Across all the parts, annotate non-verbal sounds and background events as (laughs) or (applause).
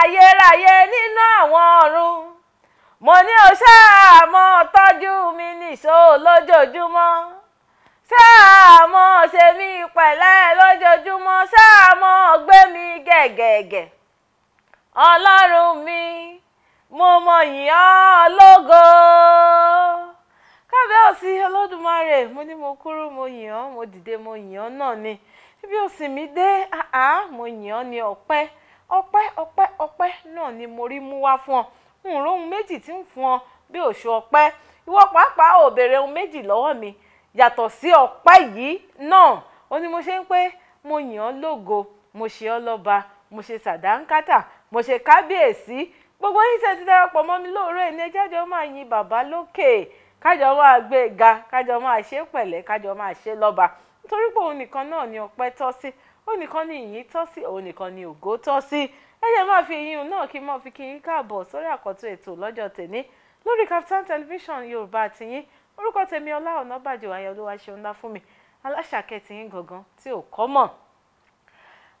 ayérayé nínú àwọn ọ̀run mo ní o ṣáà mọ tọ́jú mi nìṣó lójoojúmọ́ ṣáà ṣe mí pẹ̀lẹ́ lójoojúmọ́ ṣáà gbé mi gẹ̀gẹ̀gẹ̀ ọlọ́run mi mo mọ yìn ọ́ lógo kábíyèsí olódùmarè mo ní mo kúrú mo yìn mo dìde mo yìn náà ni bí òsì mi dé mo yìn ni ní ọpẹ́ ọpẹ́ ọpẹ́ náà ni mo rí mú wá fún ọ n róhun méjì tí ń fún ọ bí òṣù ọpẹ́ ìwọ pàápàá ò ohun méjì lọ́wọ́ mi yàtọ̀ sí ọpẹ́ yìí náà ó ní mo ṣe ń pé mo yàn lógo mo ṣe ọ́ lọ́ba mo ṣe sàdánkátà mo ṣe gbogbo ti mi lóòrè ní ẹjẹ́ yin bàbá lókè kájọ máa gbé ga kájọ máa ṣe pẹ̀lẹ́ kájọ máa ṣe lọ́ba ó nìkan ni ìyìn tọ́ sí òun nìkan ni ògo tọ́ sí ẹ jẹ́ máa fi ìyìn náà kí n máa fi kí yín káàbọ̀ sórí àkọ́tún ètò lọ́jọ́ tèmi lórí Kaftan television yorùbá àtìyín orúkọ tèmi ọlá ọ̀nàbàjọ́ ayé olúwa ṣeun ńlá fún mi aláṣàkẹ́tì yín gangan tí ò kọ́ mọ̀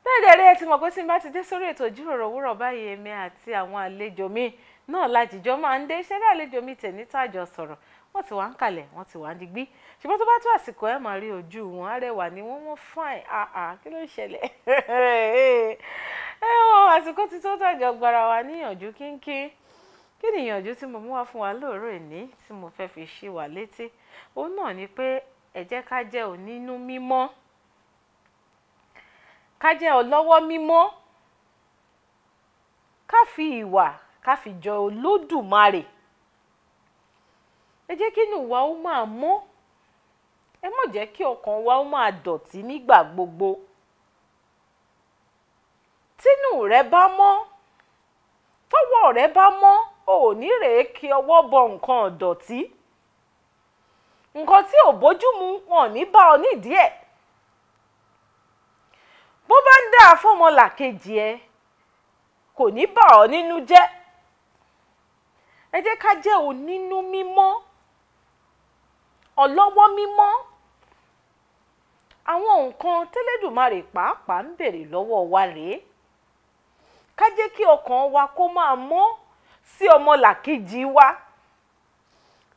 bẹ́ẹ̀ dẹ̀ rí ẹ ti mọ̀ pé tí n bá ti dé sórí ètò ìjíròrò òwúrọ̀ báyìí èmi àti àwọn àlejò mi náà lájìjọ máa ń dé ṣẹ́rẹ́ àlejò mi tẹ̀ nítàjọ sọ̀rọ̀ wọ́n ti wà ń kalẹ̀ wọ́n ti wà ń digbí ṣùgbọ́n tó bá tó àsìkò ẹ̀ máa rí ojú wọn arẹwà ni wọ́n wọ́n fine Ah kí ló ṣẹlẹ̀ (laughs) ẹ ọ àsìkò ti tó tàjọ gbara wa níyànjú kínkín kí ni ìyànjú tí mo mú wá fún wa lóòrò ìní tí mo fẹ́ fi ṣí wa létí òun náà ni pé ẹ jẹ́ ká jẹ́ onínú mímọ́ ká jẹ́ ọlọ́wọ́ mímọ́ ká fi ìwà ká fi jọ Olódùmarè ẹ jẹ́ kí inú wa ó máa mọ́ ẹ má jẹ́ kí ọkàn wa ó máa dọ̀tí nígbà gbogbo tínú rẹ bá mọ́ tọ́wọ́ rẹ bá mọ́ ò ní rèé kí ọwọ́ bọ nǹkan ọ̀dọ̀tí nǹkan tí ò bójúmu wọn ò ní bá ọ nídìí ẹ̀ bó bá ń dáa fọmọlàkejì ẹ kò ní bà ọ́ nínú jẹ́ ẹ jẹ́ ká jẹ́ onínú mímọ́ ọlọ́wọ́ mímọ́ àwọn nǹkan tẹ́lẹ́dùmarè pàápàá ń bèrè lọ́wọ́ wa rèé ká jẹ́ kí ọkàn wa kó máa mọ́ sí ọmọlàkejì wa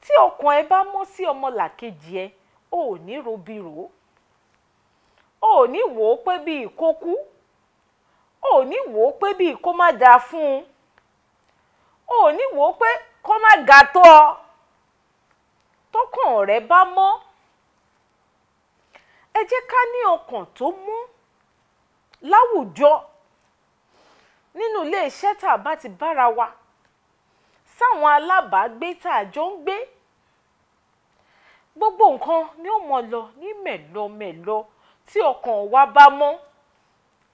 tí ọkàn ẹ bá mọ́ sí ọmọlàkejì ẹ ò ní robiro ò ní wò ó pé bíi kó kú ò ní wò ó pé bíi kó má dáa fún un ò ní wò ó pé kó má ga tó ọ tọkàn rẹ bá mọ́ ẹ jẹ́ ká ní ọkàn tó mọ́ láwùjọ nínú iléeṣẹ́ tá a bá ti bára wa sáwọn alábàágbé tá a jọ ń gbé gbogbo nǹkan ni ó mọ lọ ní mẹ̀lọmẹ̀lọ tí ọkàn wa bá mọ́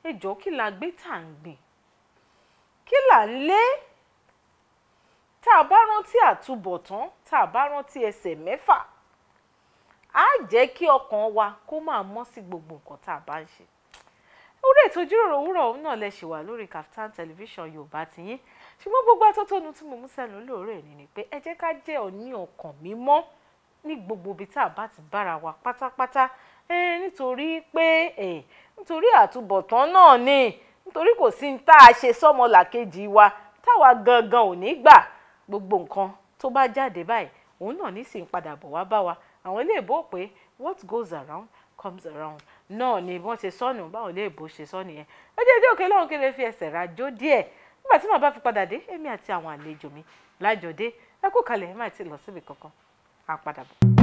ẹ jọ̀ọ́ kí la gbé tá à ń gbìn kí là ń lé tá a bá rántí àtúbọ̀tán tá a bá rántí ẹsẹ̀ mẹ́fà á jẹ́ kí ọkàn wa kó máa mọ́ sí gbogbo nǹkan tá a bá ń ṣe orí ètò ìjíròrò òwúrọ̀ òun náà lè ṣì wà lórí Kaftan television yorùbá tiyín ṣùgbọ́n gbogbo atótónu tí mo mú sẹ́nu lóòrè ni ni pé ẹ jẹ́ ká jẹ́ òní ọkàn mímọ́ ní gbogbo ibi tá a bá ti bára wa pátápátá nítorí pé nítorí àtúbọ̀tán náà ni nítorí kò sí ní tá a ṣe sọ́mọlàkejì wa táwa gangan ò ní gbà gbogbo nǹkan tó bá jáde báyìí òun náà nísìnyí padà bọ̀ wá bá wa àwọn ilé ìbò pé what goes around comes around náà ni wọ́n ṣe sọ́nù báwọn ilé ìbò ṣe sọ́nù yẹn ó jẹ́ ìdí òkè lọ́hùn kéde fi ẹsẹ̀ rajó díẹ̀ nígbà tí màá bá fi padà dé èmi àti àwọn àlejò mi lájọ dé ẹ kú kalẹ̀ ẹ má ti lọ síbi kankan àpadàbọ̀.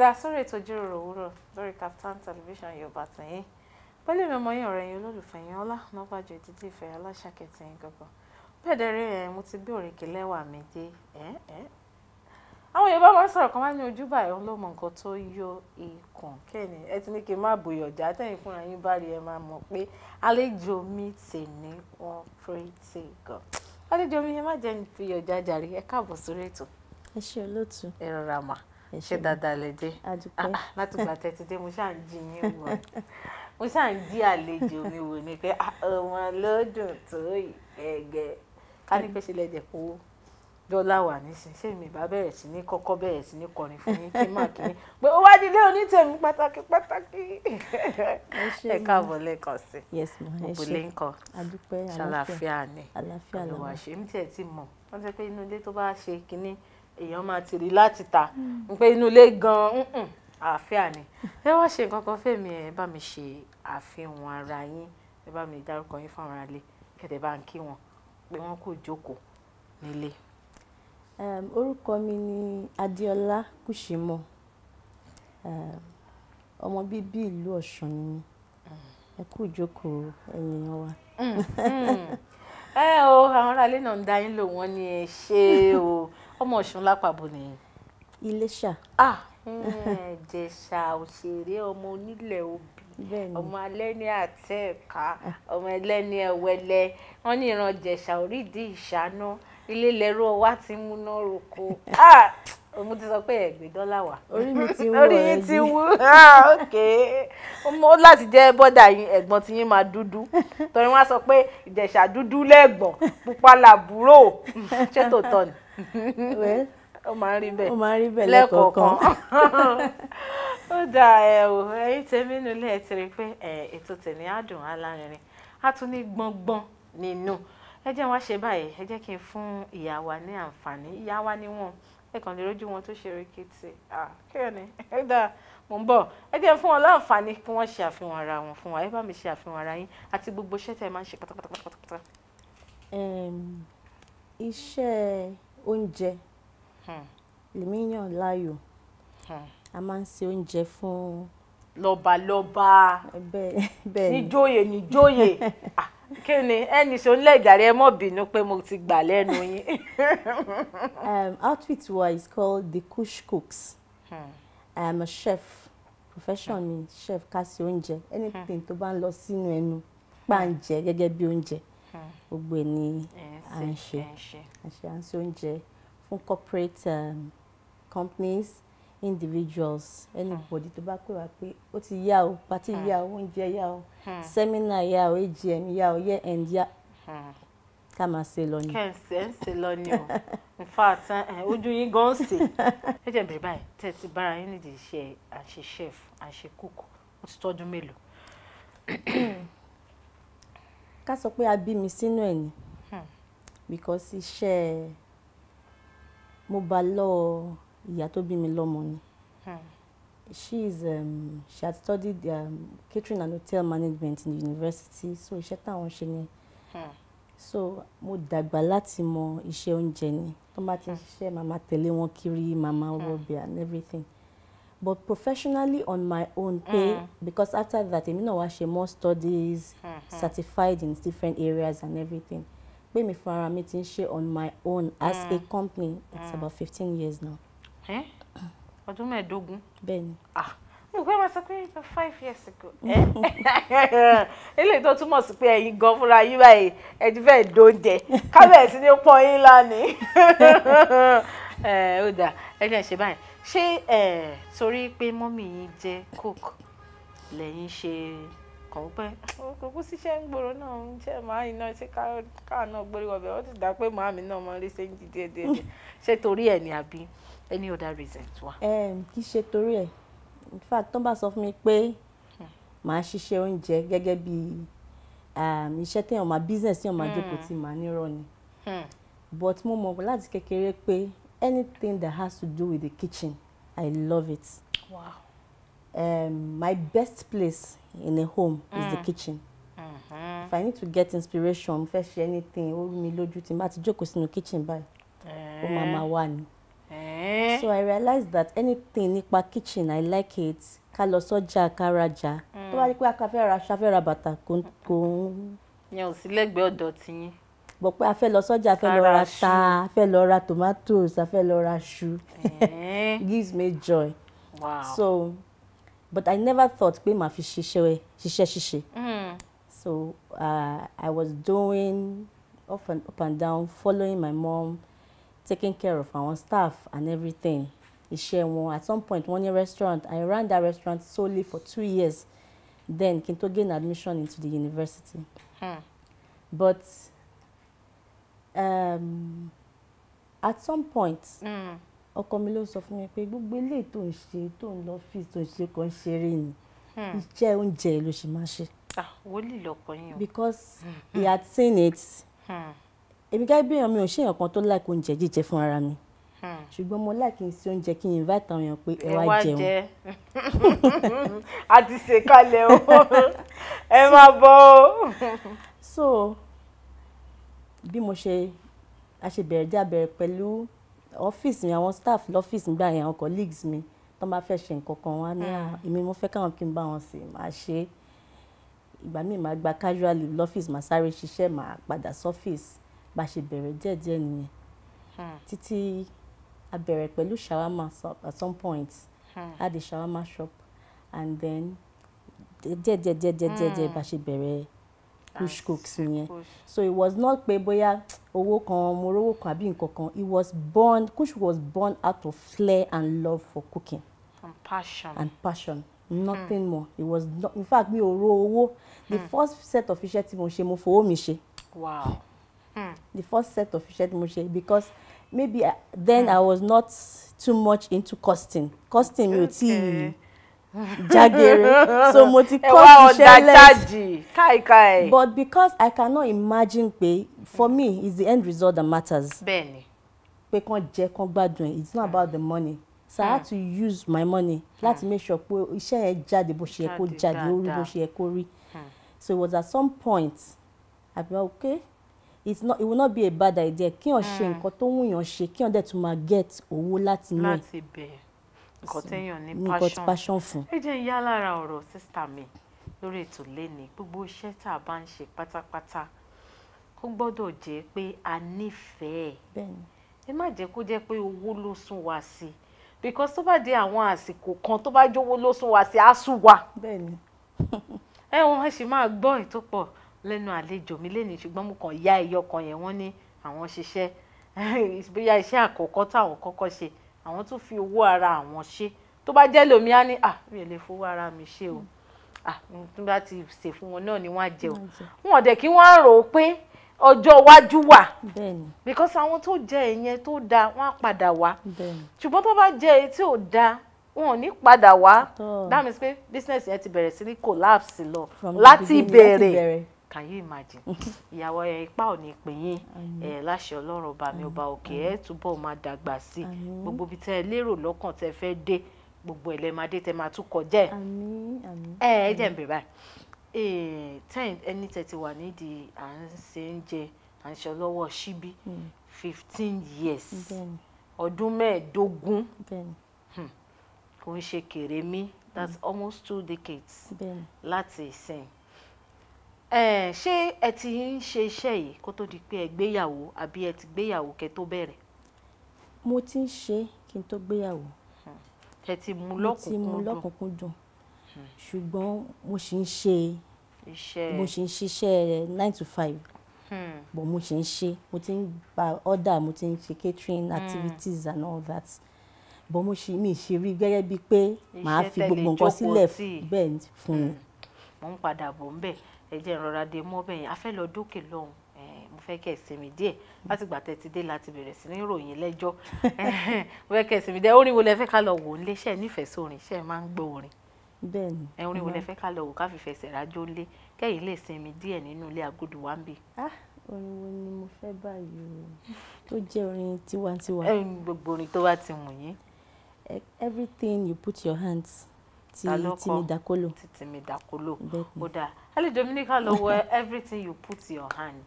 padà sórí ètò ìjíròrò òwúrọ̀ lórí Captain television yorùbá tẹ̀yìn pẹ̀lú mi ọmọ yín ọ̀rẹ́ yín olólùfẹ́ yín ọlá nọ́bàjọ́ ìdílé ìfẹ́ aláṣàkẹ́ tẹ̀yìn gbọ̀ngàn bẹ́ẹ̀ dẹ́rẹ́ ẹ̀ mo ti gbé òrèké lẹ́wà mi dé ẹ̀ ẹ̀ àwọn yorùbá máa ń sọ̀rọ̀ kan máa ń ní ojúbà ẹ̀ ń ló mọ nǹkan tó yọ ikùn kẹ́ni ẹ ti ní kí n má bòyọ̀ ọ̀jà tẹ̀yìn fúnra yín bá rí ẹ máa mọ̀ pé àlejò mi tè ní wọn pírẹ́tì gan àlejò mi ẹ má jẹ́ ní jàre ẹ káàbọ̀ sórí ètò. ẹ ṣe olóòtú. ẹ rọra mà ṣe dáadáa lè dé ah, ah, látìgbà tẹ́tí dé mo ṣáà ń jí yín wọ̀ mo ṣáà ń jí àlejò mi wò ni pé ah, ọmọ lọ́dún tó ẹ̀gẹ́ ká ní pé ṣe lẹ́jẹ̀ kó dọ́là wà nísìn ṣé mi bá bẹ̀rẹ̀ sí ní kọ́kọ́ bẹ̀rẹ̀ sí ní kọrin fún yín kí má kí ni pé ó wá nílé onítẹ̀mí pàtàkì pàtàkì ẹ káàbọ̀ lẹ́ẹ̀kan sí òbúlé ńkọ́ ṣàlàfíà ni àlùwàṣẹ́ mi tiẹ̀ ti mọ̀ wọ́n ti pé inú ilé tó bá ṣe kínní èèyàn máa ti rí láti ta n pé inú ilé gan-an àáfíà ni ẹ wá ṣe nǹkan kan fẹ́mi ẹ bá mi ṣe àfihàn ara yín ẹ bá mi dárúkọ yín fáwọn ará ilé kẹ̀tẹ̀ bá ń kí wọn pé wọ́n kò jókòó nílé. orúkọ mi ni Adéọlá Kùsímọ ọmọ bíbí ìlú Ọ̀ṣun ni mí ẹ kú ìjókòó ẹ̀yin wa. Mm-hmm. (laughs) ẹ o àwọn aráalé náà ń dá yín lò wọ́n ní ẹ ṣe o. (laughs) ọmọ ọ̀ṣun lápàbò nìyí. iléṣà. ah jẹ̀ṣà òṣèré ọmọ onílẹ̀ obì ọmọ alẹ́ni àti ẹ̀ka ah. ọmọ ẹlẹ́ni ẹ̀wẹ́lẹ́ wọ́n ní ìran jẹ̀ṣà orídìí ìṣáná ilé lẹ́rú ọwá ti múná roko. Ah, mo ti sọ pé ẹgbẹ dọ́là wà. orí mi ti (laughs) wú orí yín ti wú (laughs) ah, ok ó láti jẹ́ bọ́dà yín ẹ̀gbọ́n tí yín máa dúdú (laughs) torí wọ́n á sọ pé ìjẹ̀ṣà dúdú lẹ́gbọ̀n pupa làbúrò ṣé tó tọ́ ni ó máa ń rí bẹ́ẹ̀ ó máa ń rí bẹ́ẹ̀ lẹ́kọ̀ọ̀kan ó dà ẹ o ẹ̀yin tèmi nílé ẹ ti rí i pé ètò tèmi á dùn á lárinrin á tún ní gbọ̀ngbọ̀n nínú ẹ jẹ́ wá ṣe báyìí ẹ jẹ́ kí n fún ìyá wa ní àǹfààní ìyá wa ni wọ́n ẹ kàn lè rójú wọn tó ṣe rèkétí kéèyàn ni ẹ dáa mò ń bọ̀ ẹ jẹ́ fún wọn láǹfààní kí wọ́n ṣe àfihàn ara wọn fún wa ẹ bá mi ṣe àfihàn ara yín àti gbogbo iṣẹ́ tẹ́ ẹ máa ń ṣe pátápátápátá. iṣẹ́ oúnjẹ hmm. lèmi yàn láàyò hmm. a máa ń ṣe oúnjẹ fún. lọ́balọ́ba níjòyè níjòyè (laughs) kí ni ẹnì ṣó ń lẹ́gàrí ẹ mọ̀ bínú pé mo ti gbà lẹ́nu yín. Um, outfit wa is called the Kush Cooks hmm. I am um, a chef profession mi chef ká ṣe anything hmm. to bá ń lọ sínú ẹnu pàǹjẹ gẹ́gẹ́ bí oúnjẹ hmm. gbogbo ẹ̀ ni à ń ṣe à ń ṣe oúnjẹ fún corporate um, companies individuals anybody hmm. tó bá pè wá pé ó ti yá o pàtí hmm. yá o oúnjẹ yá o hmm. sẹ́mínà yá o AGM yá o year end yá ká máa ṣe lọ ni. kẹ́ǹsì ẹ̀ ń ṣe lọ ni o in fact ojú yín gan ṣe. ẹ jẹ́ bèrè báyìí tẹ́ ẹ ti bára yín nídìí iṣẹ́ àṣẹ chef àṣẹ cook ó ti tọ́dún mélòó. (clears throat) ká sọ pé a bí mi sínú ẹ̀ ni because iṣẹ́ mo bá lọ́ọ́ ìyá tó bí mi lọ́mọ ni. Hmm. she is um, she had studied um, catering and hotel management in university so iṣẹ́ táwọn ṣe ni. Hmm. so mo dàgbà láti mọ iṣẹ́ oúnjẹ ni tó bá ti hmm. ṣiṣẹ́ màmá tẹ̀lé wọn kiri màmá rọbì and everything but professionally on my own pay mm. because after that èmi náà wá ṣe more studies mm -hmm. certified in different areas and everything pé mi fúnra mi ti ń ṣe on my own as mm. a company it's mm. about fifteen years now ọdún mẹ́ẹ̀ẹ́dógún. bẹ́ẹ̀ni. ah mo fẹ́ máa sọ pé five years ago. (laughs) eléyìí tó túmọ̀ sí pé ẹ̀yin gan fúnra yín báyìí ẹ ti fẹ́ dóúnjẹ kábẹ̀ẹ́sì ni ó pọ́n yín lánìí. (laughs) ó dà ẹ jẹ́ ṣe báyìí ṣé torí pé mọ́mì yín jẹ́ cook lẹ́yìn ṣe kàn pé kókó ṣiṣẹ́ ń gbòòrò náà ń jẹ́ màá iná ṣé káà náà gbórí wọbẹ̀ wọ́n ti dà pé màámi náà mọ̀ lé ṣe ń jí díẹ̀ díẹ̀ ṣé torí ẹ̀ ni àbí any other reasons? wa. kì í ṣe torí ẹ̀ in fact tó bá sọ fún mi pé hmm. màá ṣiṣẹ́ oúnjẹ gẹ́gẹ́ bí um, iṣẹ́ téèyàn máa business téèyàn máa jókòó hmm. tí màá nírọ̀ ni hmm. but mo mọ̀ láti kékeré pé anything that has to do with the kitchen I love it. Wow. Um, my best place in a home mm. is the kitchen. Mm-hmm. If I need to get inspiration, fẹ́ ṣe anything, ó rú mi lójú tí n bá ti jókòó sínú kitchen báyìí, ó máa eh. máa wà ní. Eh. so i realized that anything nípa kitchen i like it ká lọ sọ́jà ká rajà mm. tó bá ní pé a fẹ́ ra aṣọ a fẹ́ ra bàtà kò ń. yẹn ò sí lẹ́gbẹ̀ẹ́ ọ̀dọ̀ tiyín bọ̀ pé a fẹ́ lọ sọ́jà fẹ́ lọ ra ta a fẹ́ lọ ra tomatoes a fẹ́ lọ ra ṣu eh. (laughs) gives me joy wow. so but I never thought pé màá fi ṣiṣẹ́ ṣiṣẹ́ ṣiṣẹ́ mm. so uh, I was doing up and, up and down following my mom taking care of our staff and everything iṣẹ́ wọn at some point one year restaurant I ran that restaurant solely for two years then kí n gain admission into the university hmm. but um, at some point hmm. ọkọ mi sọ fún mi pé gbogbo eléyìí tó ń ṣe tó ń lọ fíìs tó ń ṣe kan ṣeré ni hmm. iṣẹ́ oúnjẹ ló ṣe máa ṣe. ah wòlíì lọkọ yín o. because hmm. he had seen it. Hmm èmi gẹ́gẹ́ bí èèyàn mi ò ṣe èèyàn kan tó like oúnjẹ jíjẹ fún ara mi hmm. ṣùgbọ́n mo like n sí oúnjẹ kí n invite àwọn èèyàn pé ẹ wá jẹun. (laughs) a ti ṣe o (laughs) ẹ máa bọ̀ o. so bí mo ṣe a ṣe bẹ̀rẹ̀ já bẹ̀rẹ̀ pẹ̀lú ọ́fíìsì mi àwọn staff lọ́fíìsì mi gbà yẹn àwọn colleagues mi tó máa fẹ́ ṣe nǹkan kan wá ní ah, hmm. èmi mo fẹ́ káwọn kí n bá wọn sè máa ṣe é ìgbà míì máa gba casually lọ́fíìsì máa sáré ṣiṣẹ́ máa padà sọ́fíìsì bá ṣe bẹ̀rẹ̀ díẹ̀díẹ̀ nìyẹn hmm. títí a bẹ̀rẹ̀ pẹ̀lú shawarma at some point hmm. a di shawarma shop and then díẹ̀díẹ̀díẹ̀díẹ̀ hmm. bá ṣe bẹ̀rẹ̀ push cooks nìyẹn so it was not pé bóyá owó kan mo rówó kan àbí nǹkan kan it was born kush was born out of flair and love for cooking. and passion. and passion nothing mm. more it was not in fact mi ò ro owó the mm. first set of iṣẹ́ tí mo ṣe mo fowó mi ṣe. wow Hmm. the first set of iṣẹ́ tí because maybe I, uh, then mm. I was not too much into costing costing mi ò tí jagere (laughs) so mo cost cost Kai kai. but because I cannot imagine pé for mm. me is the end result that matters bẹ́ẹ̀ni pé kàn jẹ kàn gbádùn it's not about the money so mm. I had hmm. to use my money láti hmm. make sure pé iṣẹ́ yẹn jáde bó ṣe yẹ kó jáde ó rí bó ṣe so it was at some point I be like okay it's not it will not be a bad idea kíyàn ṣe hmm. nǹkan tó wù yàn ṣe kíyàn dẹ̀ tún máa get owó láti inú láti bẹ̀ nǹkan téèyàn ní passion fún. ẹ jẹ́ ìyá lára ọ̀rọ̀ sísítà mi lórí ètò lẹ́ni gbogbo iṣẹ́ tá a bá ń ṣe pátápátá kó gbọ́dọ̀ jẹ́ pé a nífẹ̀ẹ́ ẹ má jẹ́ kó jẹ́ pé owó ló sún wa sí i because tó bá dé àwọn àsìkò kan tó bá jówó ló sún wa sí i á sún wa (laughs) ẹ wọn ṣì máa gbọ́ ìtòpọ̀ lẹ́nu àlejò mi lẹ́nu ṣùgbọ́n mo kàn ya ẹyọ kan yẹn wọ́n ní àwọn ṣiṣẹ́ (laughs) bóyá iṣẹ́ àkọ́kọ́ táwọn kọ́kọ́ ṣe àwọn tún fi owó ara àwọn ṣe tó bá jẹ́ lómi á ní à mi ò lè fowó ara mi ṣe o à tó bá ti ṣe fún wọn náà ni wọ́n á jẹ o wọn ò dẹ̀ kí wọ́n á rò ó pé ọjọ́ iwájú wà because àwọn tó jẹ ìyẹn tó dáa wọ́n á padà wá ṣùgbọ́n tó bá jẹ èyí tí ò dáa wọn ò ní padà wá that means pé business yẹn ti bẹ̀rẹ̀ sí ní collapse lọ láti ìbẹ̀rẹ̀ can you imagine ìyàwó ẹ ipá ò ní pè yín ẹ láṣẹ ọlọ́run ọba mi ọba òkè ẹ túbọ̀ máa dàgbà sí gbogbo ibi tẹ́ ẹ lérò lọ́kàn tẹ́ fẹ́ dé gbogbo ẹ̀ lẹ́ máa dé tẹ́ máa tún kọjá ẹ̀ ẹ ẹ jẹ́ ń bèrè báyìí tẹ́yìn ẹni tẹ́ ti wà nídìí à ń ṣe ń jẹ à ń ṣe lọ́wọ́ síbí hmm. fifteen years ọdún mẹ́ẹ̀ẹ́dógún hmm. kò ń ṣe kèrèmí that's hmm. almost two decades láti ìsìn ṣé ẹ ti ń ṣe iṣẹ́ yìí kó tó di pé ẹ gbéyàwó àbí ẹ ti gbéyàwó kẹ́ tó bẹ̀rẹ̀. mo ti ń ṣe kí n tó gbéyàwó. ẹ ti mú lọ́kùnkún dùn hmm. ṣùgbọ́n mo ṣì ń ṣe mo ṣì ń ṣiṣẹ́ nine to five hmm. bọ̀ mo ṣì ń ṣe mo ti ń gba order mo ti ń ṣe catering hmm. activities and all that bọ̀ mo ṣì mi ṣe rí gẹ́gẹ́ bíi pé màá fi gbogbo nǹkan sílẹ̀ bẹ́ẹ̀ fún mi. mo ń padà bọ̀ ń bẹ̀ ẹ jẹ́ ìrora dé mọ́ a fẹ́ lọ dókè lọ́hùn mo fẹ́ kẹ́ ẹ̀ sinmi díẹ̀ láti gbà tẹ́ ti dé láti bẹ̀rẹ̀ sí ní ìròyìn lẹ́jọ́ (laughs) mo fẹ́ kẹ́ ẹ̀ sinmi díẹ̀ orin wo lẹ fẹ́ ká lọ wò ń lé ṣe nífẹ̀ẹ́ sórin ṣe máa ń gbọ́ orin bẹ́ẹ̀ni ẹ orin wo lẹ fẹ́ ká lọ wò ká fi fẹsẹ̀ rájò lé kẹ́yìn lè sinmi díẹ̀ nínú ilé agudu wa ah, orin wo ni mo fẹ́ báyìí o tó jẹ́ orin tiwantiwa. gbogbo orin tó bá ti wù yín. everything you put your hands ti timi dakolo ti timi dakolo ó dáa ali dominica lọ wọ everything you put your hand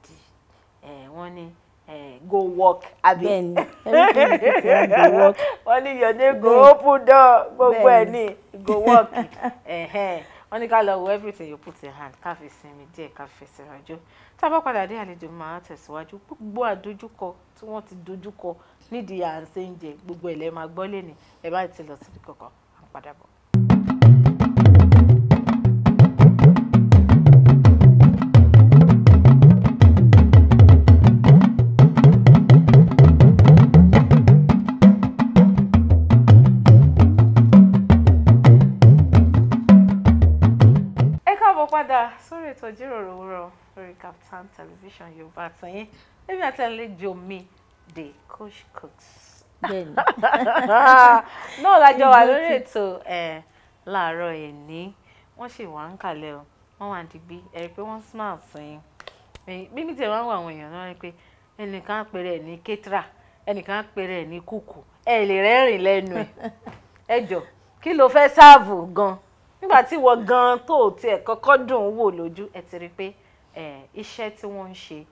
ẹ eh, wọ́n ní eh, go work abi bẹ́ẹ̀ni (laughs) everything you put your hand go work wọ́n your name go open door gbogbo ẹ ní go work (laughs) wọ́n ní ká lọ wọ everything you put in hand ká fi sinmi díẹ̀ ká fi fẹsẹ̀ rajó tá a bá padà dé àlejò máa tẹ̀síwájú gbogbo àdójúkọ tí wọ́n ti dojúkọ nídìí à ń ṣe ń jẹ gbogbo ẹ̀ lẹ́ẹ̀ máa gbọ́ lẹ́nu ẹ̀ bá ti lọ síbi kankan à ètò ìjíròrò òwúrọ̀ lórí captain television yorùbá àtẹ̀yìn ẹbí àtẹ̀lẹ́jọ mi the coach cooks. bẹ́ẹ̀ni (laughs) náà lájọ wà lórí ètò láàárọ̀ ẹ̀ ní wọ́n sì wà ń kalẹ̀ o wọ́n wà dìgbì ẹ̀rí pé wọ́n smile sẹ́yìn mímí tẹ̀ wọ́n wà àwọn èèyàn náà rí pé ẹnìkan àpẹẹrẹ ẹ̀ ní kétra ẹnìkan àpẹẹrẹ ẹ̀ ní kùkù ẹ̀ lè rẹ́rìn lẹ́nu ẹ̀ ẹ̀jọ̀ kí ló fẹ́ sáàbù gan-an nígbà tí wọ́n gan tó tiẹ̀ kọ́kọ́ dùn wò lójú ẹ ti rí i pé iṣẹ́ tí wọ́n ń ṣe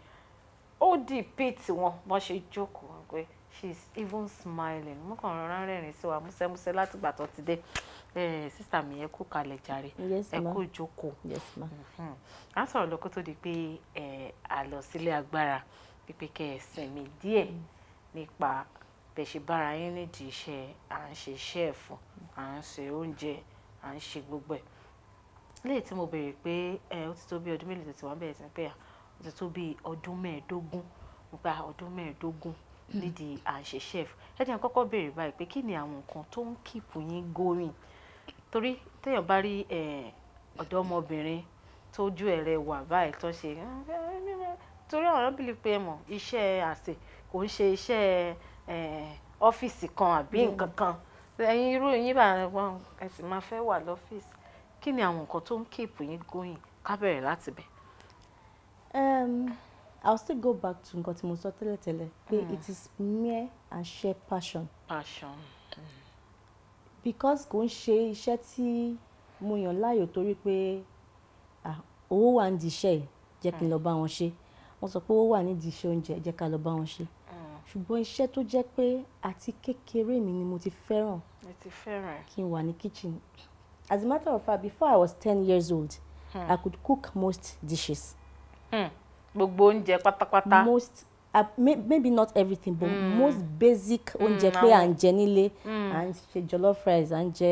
ó dì pit wọn bọ́n ṣe jókòó wọn pé she is even smiling mo kàn rọra rẹ́rìn sí wa músẹ́músẹ́ látìgbà tó ti dé sísà mi ẹ kú kalẹ̀ jàre ẹ kú jókòó à ń mm-hmm. sọ̀rọ̀ lóko tó di pé àlọ́ sílé agbára pípé kẹ́ ẹ sinmi díẹ̀ nípa bẹ̀ ṣe bára yín nídìí iṣẹ́ à ń ṣe iṣẹ́ ẹ̀fọ́ à ń ṣe oúnjẹ à ń ṣe gbogbo ẹ̀ léyìí tí mo béèrè pé ẹ ó ti tó bí ọdún mélòó tètè wá bẹ̀rẹ̀ sí pé ó ti tó bí ọdún mẹ́ẹ̀ẹ́dógún nípa ọdún mẹ́ẹ̀ẹ́dógún nídìí à ń ṣe chef ẹ jẹ́ n kọ́kọ́ béèrè báyìí pé kí ni àwọn nǹkan tó ń kìpù yín going torí téèyàn bá rí ọ̀dọ́mọbìnrin tójú ẹ̀ rẹwà báyìí tó ṣe torí àwọn ọ̀rọ̀ bìlì pé mọ̀ iṣẹ́ àsè kò ń ṣe iṣẹ́ ọ́fíìsì kan àbí mm. nǹkan kan ẹ̀yin irú yín bá wọn ẹ máa fẹ́ wà lọ́fíìsì kí ni àwọn nǹkan tó ń keep yín going ká bẹ̀rẹ̀ láti bẹ̀. Um, I'll still go back to nǹkan tí mo sọ tẹ́lẹ̀tẹ́lẹ̀ pé hmm. it is mere and sheer passion. passion. Mm. because kò ń ṣe iṣẹ́ tí mo yàn láàyò torí pé ah, owó wà nídìí iṣẹ́ yìí jẹ́ kí n hmm. lọ bá wọn ṣe wọ́n sọ pé owó wà nídìí iṣẹ́ oúnjẹ jẹ́ ká lọ bá wọn ṣe ṣùgbọ́n iṣẹ́ tó jẹ́ pé àti kékeré mi ni mo ti fẹ́ràn kí n wà ní kitchen as a matter of fact before I was ten years old hmm. I could cook most dishes. Hmm. gbogbo oúnjẹ pátápátá. most uh, maybe not everything but mm. most basic oúnjẹ hmm, pé à ń jẹ nílé hmm. à ń ṣe jollof rice à ń jẹ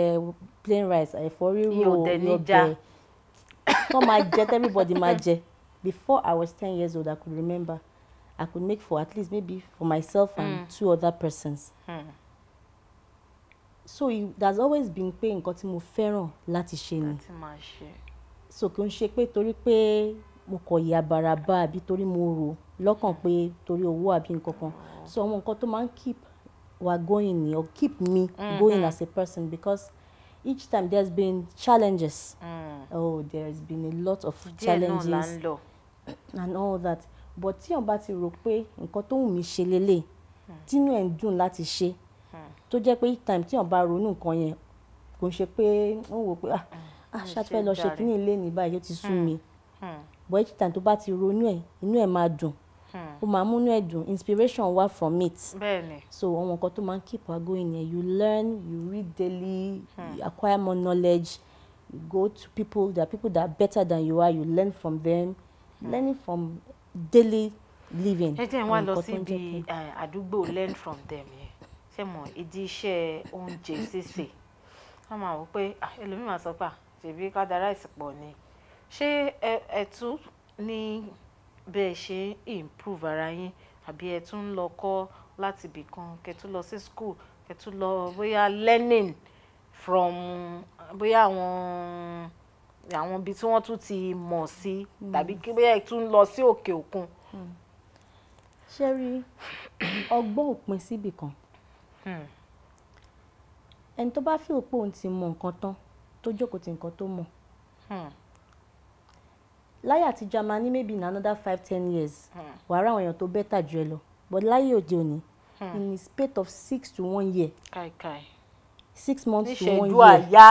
plain rice ẹ̀fọ́ ríro ọbẹ̀ tó máa jẹ everybody (laughs) máa jẹ before I was ten years old I could remember. I could make for at least maybe for myself and mm. two other persons. Mm. So it has always been pain, nǹkan tí mo fẹ́ràn láti So kò she ṣe pé torí pé ya baraba àbí torí mo rò lọ́kàn pé torí owó àbí So àwọn nǹkan to man keep wa going or keep me mm -hmm. going hmm. as a person because each time there's been challenges. Mm. Oh, there's been a lot of challenges. Díẹ̀ náà And all that but tí èèyàn bá ti rò pé nǹkan tó wù mí ṣe lélẹ̀ hmm. tínú ẹ̀ ń dùn láti ṣe hmm. tó jẹ́ pé time tí èèyàn bá ronú nǹkan yẹn kò ń ṣe pé ó wò pé ah, hmm. ah ṣàtúfẹ́ lọ ṣe kíní ilé ní báyìí ó ti sú mi but each time tó bá ti ronú ẹ̀ inú ẹ̀ máa dùn ó máa múnú ẹ̀ dùn inspiration wá from it so àwọn nǹkan tó máa ń keep her going yẹn you learn you read daily you acquire more knowledge you go to people there are people that are better than you are you learn from them learning from daily living. ẹ jẹ́ n wá lọ síbi àdúgbò learn from them yẹn ṣé mo ìdí iṣẹ́ oúnjẹ ṣíṣe wọ́n máa wò pé ah, ẹlòmíràn sọ pé ah, ṣèbí ká da ráìsì pọ̀ ni ṣé ẹ tún ní bẹ́ ẹ ṣe improve ara yín àbí ẹ lọ kọ́ láti ibì kan kẹ́ lọ sí school kẹ́ lọ bóyá learning from bóyá àwọn. Um, àwọn ibi tí wọ́n tún ti mọ̀ sí hmm. tàbí kí bóyá tún lọ sí òkè òkun. Hmm. ṣé rí ọgbọ́n òpin síbì kan hmm. ẹni tó bá fi òpó òun ti mọ nǹkan tán tó jókòó ti nǹkan tó mọ̀ láyé àti Germany maybe in another five ten years wàá ra àwọn èèyàn tó bẹ́tà jù ẹ lọ but láyé òde òní in a spate of six to one year. Kai, kai six months to one year. níṣẹ́jú àyá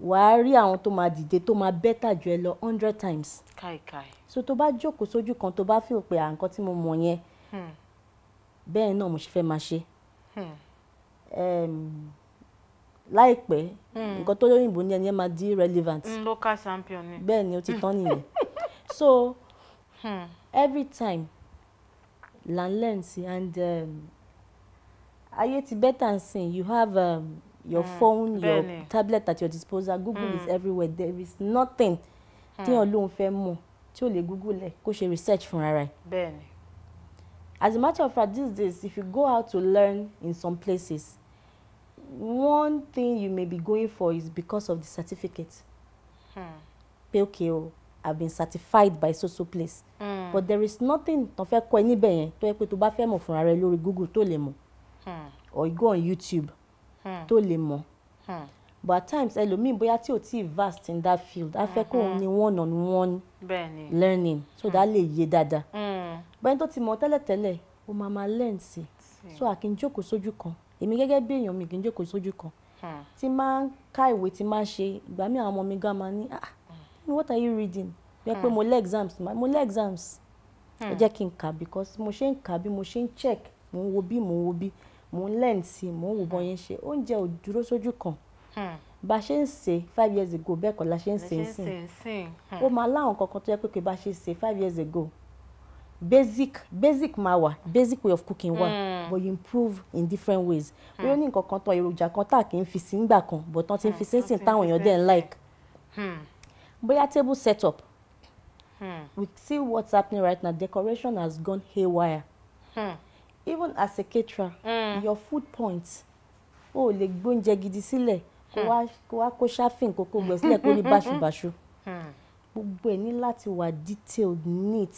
wàá rí àwọn tó máa dìde tó máa bẹ́tà jù ẹ lọ hundred times. Kai kai. so tó bá jókòó sójú kan tó bá feel pé à nǹkan tí mo mọ̀ yẹn hmm. bẹ́ẹ̀ náà mo ṣe fẹ́ máa ṣe. Hmm. láìpẹ́ hmm. nǹkan tó lóyìnbó ní ẹni yẹn máa di relevant. local champion ni. bẹ́ẹ̀ ni o ti tán (laughs) nìyẹn. so every time la learn si and um, ayé ti bẹ́tà sìn you have. Um, your mm. phone your tablet at your disposal google mm. is everywhere there is nothing téèyàn mm. lóun fẹ́ mọ̀ tí ò lè google ẹ̀ kó ṣe research fúnra rẹ̀. as a matter of fact these days if you go out to learn in some places one thing you may be going for is because of the certificate. Hmm. okay o I've been certified by so so place. Hmm. but there is nothing tó fẹ́ kọ́ ẹ níbẹ̀ yẹn tó yẹ pé tó bá fẹ́ mọ̀ fúnra rẹ lórí google tó lè mọ̀. Hmm. or you go on youtube. Hmm. tó lè mọ̀ hmm. but at times ẹlòmíì bóyá tí ò tí ì vast in that field á fẹ́ kó òun hmm. ní one on one learning so that lè yé dáadáa bẹ́ẹ̀ni tó ti mọ̀ tẹ́lẹ̀tẹ́lẹ̀ ó máa máa learn sí so àkì ń jókòó sójú kan èmi gẹ́gẹ́ bí èèyàn mi kì í jókòó sójú kan tí máa ń ká ìwé tí máa ń ṣe ìgbà mi àwọn ọmọ mi gan máa ní ah what are you reading bẹ́ẹ̀ pé mo lé exams mo lé exams ẹ jẹ́ kí n kà because mo ṣe ń kà bí mo ṣe ń check mo ń wo bí mo ń wo bí mò ń learn sí mò ń wò bọ́ yẹn ṣe oúnjẹ ò dúró sójú kan hmm. bá ṣe ń ṣe five years ago bẹ́ẹ̀ kọ́ la ṣe ń ṣe ń sìn hmm. ó máa láwọn kankan tó yẹ pé kí bá ṣe ṣe five years ago basic basic máa wà basic way of cooking wà mm. but you improve in different ways hmm. ó ní nǹkan kan tán èròjà kan tá a kì í fi sí ńgbà kan but tán ti ń fi sí ń sìn táwọn èèyàn dẹ̀ ń like bóyá table setup we see what's happening right now decoration has gone haywire. Hmm even as a caterer mm. your food points o ò lè gbóúnjẹ gidi sílẹ̀ kó mm. wá kó wá kó ṣáfìn kó kó gbẹ sílẹ̀ kó rí (laughs) báṣubàṣu mm. gbogbo ẹ̀ ní láti wà detailed neat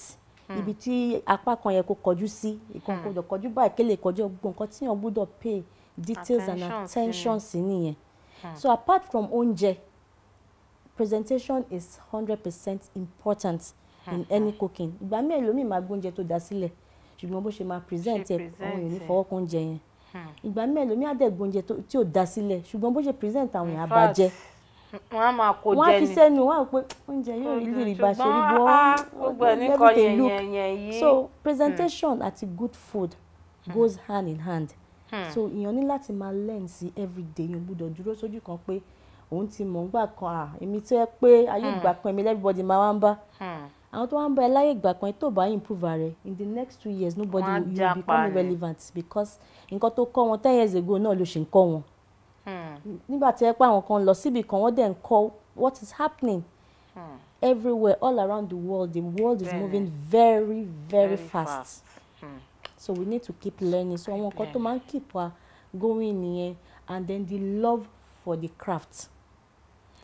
mm. ibi tí apá kan yẹ kó kọjú sí ìkan kó kọjú báyìí kí lè kọjú nǹkan tí yàn gbọ́dọ̀ pay details and attention sí nìyẹn so apart from oúnjẹ presentation is hundred percent important in any cooking ìgbà mélòó mi máa gbóúnjẹ tó dá sílẹ̀ ṣùgbọ́n bó ṣe máa present ẹ̀ àwọn èèyàn ní fọwọ́kún jẹ yẹn hmm. ìgbà mẹ́lòmí àdẹ̀gbọ́njẹ tí ò da sílẹ̀ ṣùgbọ́n bó ṣe present àwọn èèyàn abajẹ́ wọn á á fi sẹ́nu wọn á pé oúnjẹ yóò rí lè rí bá ṣe rí bọ́ gbogbo ẹnìkan so presentation hmm. àti good food hmm. goes hand in hand so èèyàn ní láti máa learn sí everyday èèyàn gbọ́dọ̀ dúró sójú kan pé òun ti mọ̀ ń gbà kan à èmi tó yẹ pé ayé ìgbà kan èmi everybody máa wá ń bá àwọn tó wá ń bá láyé ìgbà kan tó bá improve rẹ in the next two years nobody will you become irrelevant because nǹkan tó kọ́ wọn ten years ago náà ló ṣe ń kọ́ wọn. Hmm. nígbà tí ẹ pé àwọn kan lọ síbi kan wọ́n dẹ̀ ń kọ́ what is happening hmm. everywhere all around the world the world is moving very very, fast. Hmm. so we need to keep learning so àwọn nǹkan tó máa ń keep wa going nìyẹn and then the love for the craft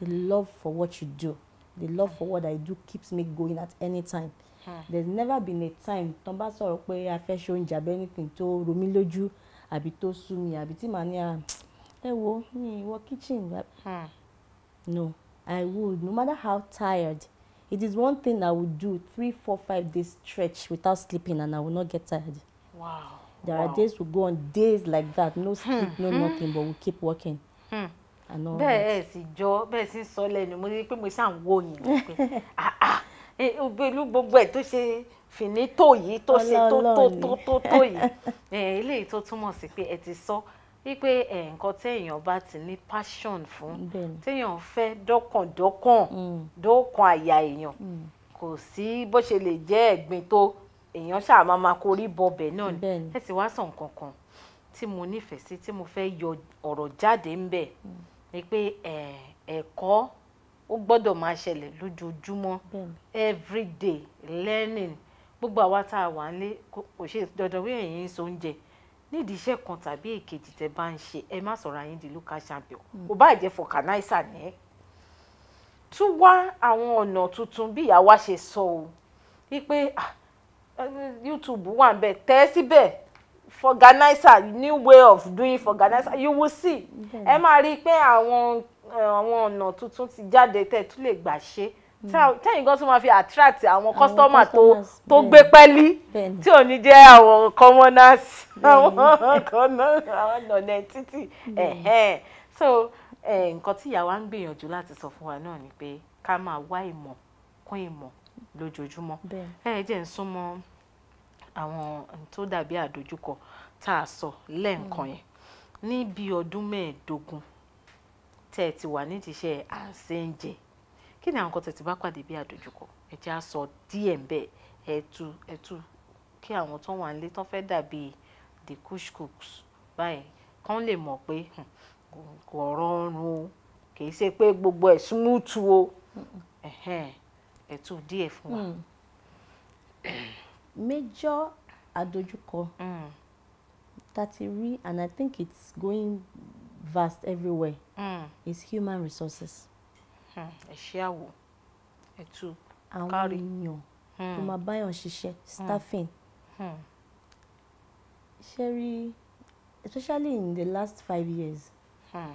the love for what you do the love for what I do keeps me going at any time. Hmm. there's never been a time tó ń bá sọ̀rọ̀ pé a fẹ́ ṣe oúnjẹ àbí anything tó ro lójú àbí tó sú mi àbí tí màá ní à ah, ẹ wo mi wọ kitchen. Hmm. no I would no matter how tired it is one thing I would do three four five days stretch without sleeping and I will not get tired. Wow. There wow. are days we go on days like that no hmm, sleep hmm. no nothing but we keep working. Hmm bẹ́ẹ̀ ẹ̀ sì jọ bẹ́ẹ̀ sì ń sọ lẹ́nu mo rí pé mo ṣáà ń wò yín pé pẹ̀lú (laughs) ah, ah, gbogbo ẹ̀ tó ṣe fìní tó yìí tó ṣe tó tó tó tó tó yìí (laughs) eléyìí tó túmọ̀ sí pé ẹ ti sọ wípé nǹkan téèyàn bá ti ní passion fún téèyàn fẹ́ dọ́kàndọ́kàn mm. dọ́kàn àyà èèyàn mm. kò sí bó ṣe lè jẹ́ ẹ̀gbin tó èèyàn ṣáà máa máa korí bọbẹ̀ náà ni ẹ sì wá sàn kankan tí mo nífẹ̀ẹ́ sí tí mo fẹ́ yọ ọ̀rọ̀ jáde ńbẹ̀. Mm ni pé ẹ̀kọ́ ó gbọ́dọ̀ máa ṣẹlẹ̀ lójoojúmọ́ everyday learning gbogbo àwa tá a wà nílé kò ṣe dandan wíyẹn yìí ń so oúnjẹ nídìí iṣẹ́ kan tàbí èkejì tẹ́ bá ń ṣe ẹ má sọ̀rọ̀ ayé di local champion hmm. kò bá jẹ́ fọkànáísà ní ẹ́ tún wá àwọn ọ̀nà tuntun bí ìyá wa ṣe sọ o wípé YouTube wà ń bẹ tẹ́ síbẹ̀ For fertilizer new way of doing for fertilizer you will see ẹ máa rí i pé àwọn eh, àwọn ọ̀nà tuntun ti jáde tẹ̀ tún lè gbà ṣe mm. tẹ́yìn gan tún máa fi attract àwọn kọ́sítọ́mà tó tó gbé pẹ́lí tí ò ní jẹ́ àwọn commoners àwọn ọ̀nà títì so eh, nǹkan tí ìyá wa ń gbìyànjú láti sọ fún wa náà ni pé ká máa wá ìmọ̀ kún ìmọ̀ lójoojúmọ́ ẹ jẹ́ ń súnmọ́ àwọn tó dàbí àdójúkọ tá a sọ lẹ́ẹ̀kan mm. yẹn ní bí ọdún mẹ́ẹ̀ẹ́dógún tẹ́ ẹ ti wà nídìí iṣẹ́ à ń ṣe ń jẹ kí ni àwọn nǹkan tẹ́ ti bá pàdé bí àdójúkọ ẹ jẹ́ á sọ díẹ̀ ń bẹ́ẹ̀ ẹ tú ẹ tú kí àwọn tó wà nílé tó fẹ́ dàbí the kush cooks báyìí kán lè mọ̀ pé hmm, kò rọrùn o kì í ṣe pé gbogbo ẹ̀ súnmùtù o ẹ díẹ̀ fún wa. Mm. (clears throat) major àdojúkọ mm. that and I think it's going vast everywhere mm. is human resources. Hmm, ẹ ṣe àwò ẹ tú àwọn èèyàn tó hmm. máa báyàn ṣiṣẹ́ hmm. staffing. ṣe rí especially in the last five years hmm.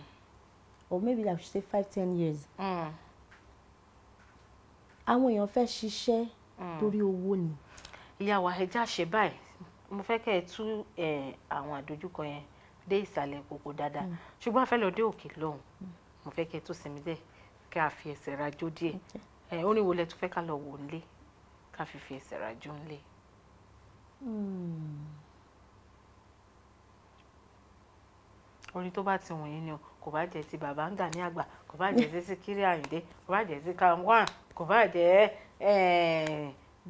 or maybe like I should say five ten years. àwọn èèyàn fẹ́ ṣiṣẹ́ torí owó ni ìyá wa ẹja ṣe báyìí mo fẹ́ kẹ́ ẹ tú àwọn àdójúkọ yẹn dé ìsàlẹ̀ kòkò dáadáa mm. ṣùgbọ́n a fẹ́ lọ dé òkè lọ́hùn mo fẹ́ kẹ́ ẹ tó sinmi dẹ̀ kí a fi ẹsẹ̀ rajó díẹ̀ ó ní wo lẹ tún fẹ́ ká lọ wò nílé ká fi fi ẹsẹ̀ rajó nílé. Hmm. orin tó bá ti wọ̀n yín ni o kò bá jẹ́ ti bàbá ń dà ní àgbà kò bá jẹ́ sí síkírì àyìndé kò bá jẹ́ sí kamwan kò bá jẹ́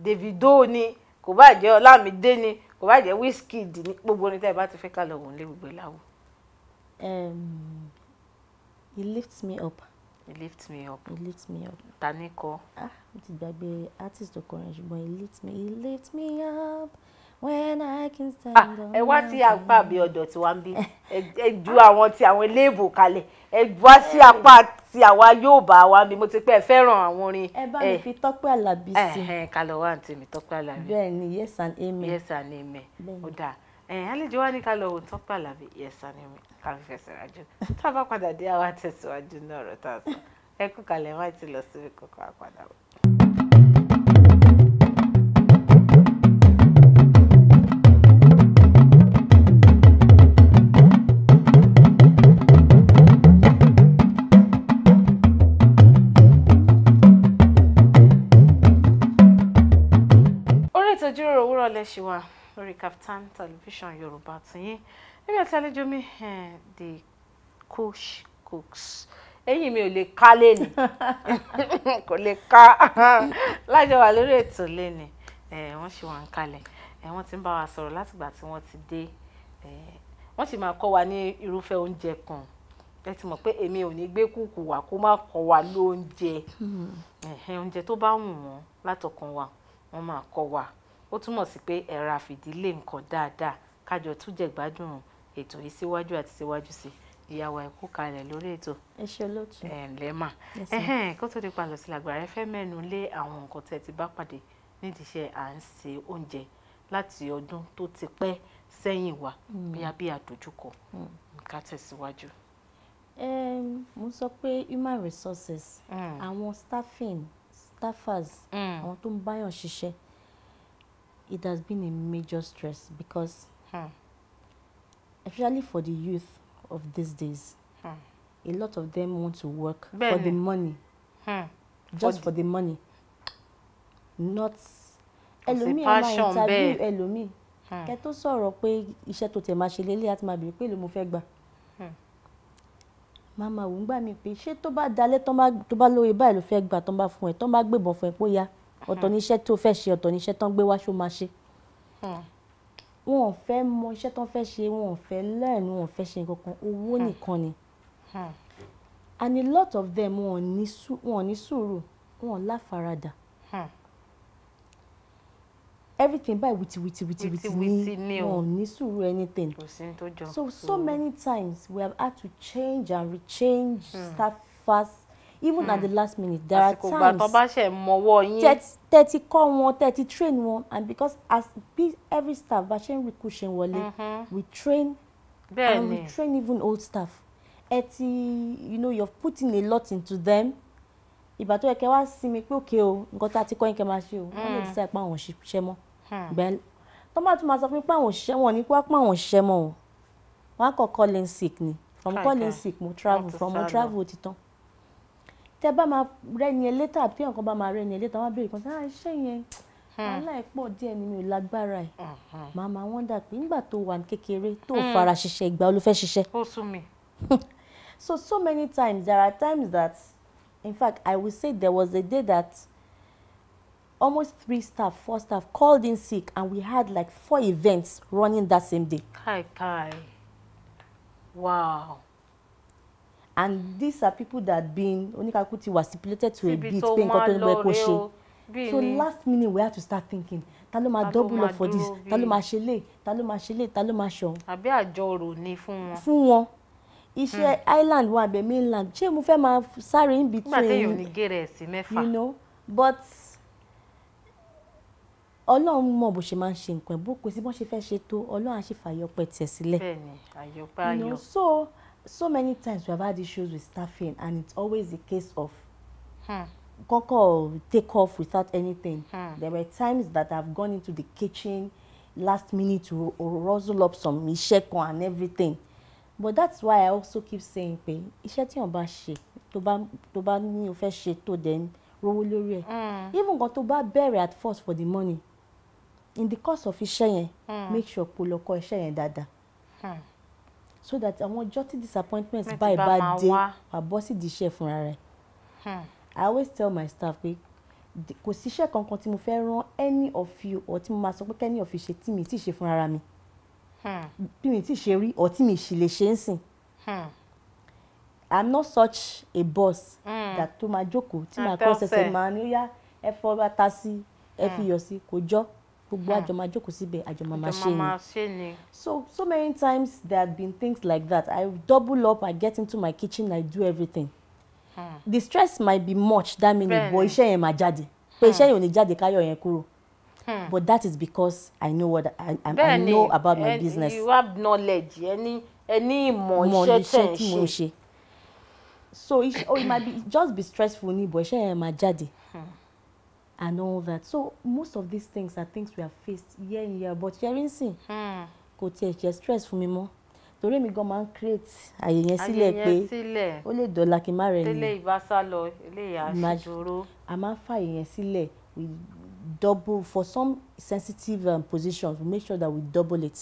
Davido ni kò bá jẹ́ ọlámídé ni kò bá jẹ́ Wizkid ni gbogbo orin tẹ́ ẹ bá ti fẹ́ ká lọ wò nílé gbogbo ìlàwọ̀. he lifts me up. he lifts me up. he lifts me up. ta ni kọ. ah mo ti gbàgbé artist tó kọrin ṣùgbọ́n he lifts me he lifts me up when I can stand ah, on. ẹ wá sí apá àbí ọ̀dọ̀ tí wàá ń bí ẹ ju àwọn ti àwọn eléèbò kalẹ̀ ẹ wá sí apá tí àwa yóò bá wa bí mo ti pẹ́ fẹ́ràn àwọn orin. ẹ bá mi eh. fi Tọ́pẹ́ Àlàbí sí. Eh, eh, kálọ̀ wá àǹtí mi Tọ́pẹ́ Àlàbí. bẹ́ẹ̀ ni yes and amen. yes and amen ó dáa àlejò wa ní ká lọ wò Tọ́pẹ́ Àlàbí yes and amen ká fi fẹsẹ̀ rájò tá a bá padà dé àwa tẹ̀síwájú náà rẹ̀ tá a sọ ẹ kú kalẹ̀ má ti lọ síbi kókó àpàdà wọn. ìrọ̀lẹ́ ṣì wà lórí Kaftan television yorùbá tìyín níbi àti àlejò mi the coach cooks ẹ̀yìn mi ò lè ká lẹ́nu (laughs) kò lè ká (laughs) lájọ wà lórí ètò lẹ́nu wọ́n ṣì wà ń kalẹ̀ wọ́n ti ń bá wa sọ̀rọ̀ látìgbà tí wọ́n ti dé wọ́n sì máa kọ́ wa ní irúfẹ́ oúnjẹ kan ẹ ti mọ̀ pé èmi ò ní gbé kúkú wá kó má kọ́ wa lóúnjẹ hmm. oúnjẹ tó bá wù wọ́n látọkàn wa wọ́n máa kọ́ wa ó túmọ̀ sí pé ẹ ra fìdílé nǹkan dáadáa kájọ tún jẹ̀gbádùn ètò yìí síwájú àti síwájú sí ìyá wa ẹ kú kalẹ̀ lórí ètò ẹ ṣe olóòtú ẹ ǹlẹ́ mà kó tó di palọ̀ sí làgbàrá ẹ fẹ́ mẹ́nu lé àwọn nǹkan tẹ́ ti bá pàdé nídìí iṣẹ́ à ń ṣe oúnjẹ láti ọdún tó ti pẹ́ sẹ́yìn wá mm. bóyá bí àdójúkọ mm. ká tẹ̀síwájú. mo sọ pé human resources mm. àwọn staffing staffers àwọn tó ń báyàn ṣiṣẹ́ it has been a major stress because huh. Hmm. especially for the youth of these days huh. Hmm. a lot of them want to work ben. for the money huh. Hmm. just for, for the money not ẹlòmíì a máa interview ẹlòmíì kẹ tó sọ̀rọ̀ pé iṣẹ́ tó tẹ̀ máa ṣe lélẹ̀ àti máa pé èlò mo fẹ́ gbà màmá òun gbà mí pé ṣé tó bá dalẹ̀ tó bá lóye báyìí ló fẹ́ gbà tó bá fún ẹ tó bá gbébọn fún ẹ pé yá ọ̀tọ̀ níṣẹ́ tó fẹ́ ṣe ọ̀tọ̀ níṣẹ́ tán gbé wá ṣó máa ṣe hmm. wọn ò fẹ́ mọ iṣẹ́ tán fẹ́ ṣe wọn ò fẹ́ lẹ́ẹ̀nu wọn ò fẹ́ ṣe nǹkan kan owó hmm. nìkan ni hmm. and a lot of them wọn ò ní sùúrù wọn ò láfaradà everything by witi witi witi witi ni wọn ò ní sùúrù anything so so many times we have had to change and rechange mm. staff fast even mm. at the hmm. last minute there are times Thirty gbà one, thirty train one, and because as be every staff bá ṣe ń recruit ṣe ń mm-hmm. we train Bẹ́ẹ̀ni. and we train even old staff ẹ you know you're putting a lot into them ìgbà tó yẹ kẹ́ wá sinmi pé òkè o nǹkan tá a ti kọ́ yín kẹ́ máa ṣe o wọ́n lè mm. decide pé àwọn òṣìṣẹ́ mọ́ hmm. bẹ́ẹ̀ tó bá tún máa sọ fún mi pé àwọn òṣìṣẹ́ wọn ní pé wá àwọn òṣìṣẹ́ mọ́ o wọ́n á kọ́ calling sick ni from calling sick mo travel from mo travel ó ti tán tẹ bá máa rẹ́ni ẹ létà bí ọ̀kan bá máa rẹ́ni ẹ létà wọ́n á béèrè kan sí ah, iṣẹ́ yẹn hmm. wàhálà ẹ̀ pọ̀ díẹ̀ nínú ìlágbára ẹ̀ hmm. màmá wọn dà pé nígbà tó wà kékeré tó hmm. fara ṣiṣẹ́ ìgbà olùfẹ́ ṣiṣẹ́. ó sún mi. (laughs) so so many times there are times that in fact I will say there was a day that almost three staff four staff called in sick and we had like four events running that same day. kai kai wow and these are people that been oníkàkú ti was stipulated to a bit pé nǹkan to ń bọ ẹkọ ṣe so last minute we had to start thinking ta ló máa double up for this ta ló máa ṣe lè ta ló ma ṣe lè ta ló máa ṣọ. àbí àjọrò ni fún wọn. fún wọn iṣẹ́ hmm. island wa abẹ mainland ṣé mo fẹ́ máa sáré in between. nígbà téèyàn ní gèrè ẹ̀sìn mẹ́fà. you know but ọlọ́run mọ̀ bó ṣe máa ń ṣe nǹkan ẹ̀ bó kò sí bó ṣe fẹ́ ṣe tó ọlọ́run á ṣe fàyọpẹ tẹ̀ sílẹ̀. bẹ́ẹ̀ni àyọpẹ so so many times we have had issues with staffing and it's always a case of hmm. kọ́kọ́ take off without anything hmm. there were times that I've gone into the kitchen last minute to rustle up some iṣẹ́ and everything but that's why I also keep saying pé iṣẹ́ tí wọ́n bá ṣe tó bá tó bá ní o fẹ́ ṣe tó dẹ̀ hmm. even go to ba bury at first for the money in the course of iṣẹ́ yẹn hmm. make sure pé o lọ kọ́ Hmm so that àwọn ọjọ́ tí disappointment báyìí bá dé wà bọ́ sí di iṣẹ́ fúnra rẹ̀ hmm. i always tell my staff pé kò síṣẹ́ kankan tí mo fẹ́ rán any of you or tí mo máa sọ pé kẹ́ni of you ṣe tí mi ti ṣe fúnra mi hmm. bí mi ti ṣe rí or tí mi ṣì lè ṣe ń sìn hmm. i'm not such a boss that tó máa jókòó tí màá kọ́ ṣẹ̀ṣẹ̀ máa ní ó yá ẹ fọ́ bàtà sí ẹ fi yọ̀ sí kò jọ́ gbogbo hmm. àjọ máa jókòó síbẹ̀ àjọ máa máa ṣe ni so so many times there had been things like that I double up I get into my kitchen I do everything hmm. the stress might be much that minute but iṣẹ́ yẹn máa jáde pé hmm. iṣẹ́ yẹn ò ní jáde káyọ̀ yẹn kúrò but that is because I know what I, I, I know about my business. you have knowledge ẹni ẹni ìmọ̀ iṣẹ́ tẹ̀ ń ṣe. so it, oh, it might be, just be stressful ni but iṣẹ́ yẹn máa jáde and all that so most of these things are things we have faced year in year but sharing sin hmm. kò tiẹ̀ ṣe stress fún mi mọ́ torí èmi gan máa ń create àyè yẹn sílẹ̀ pé ó lè dọ̀la kí n má rẹ̀ ni tẹ́lẹ̀ ìbásá lọ eléyà àṣìdúró a máa ń fàyè yẹn sílẹ̀ we double for some sensitive um, positions we make sure that we double it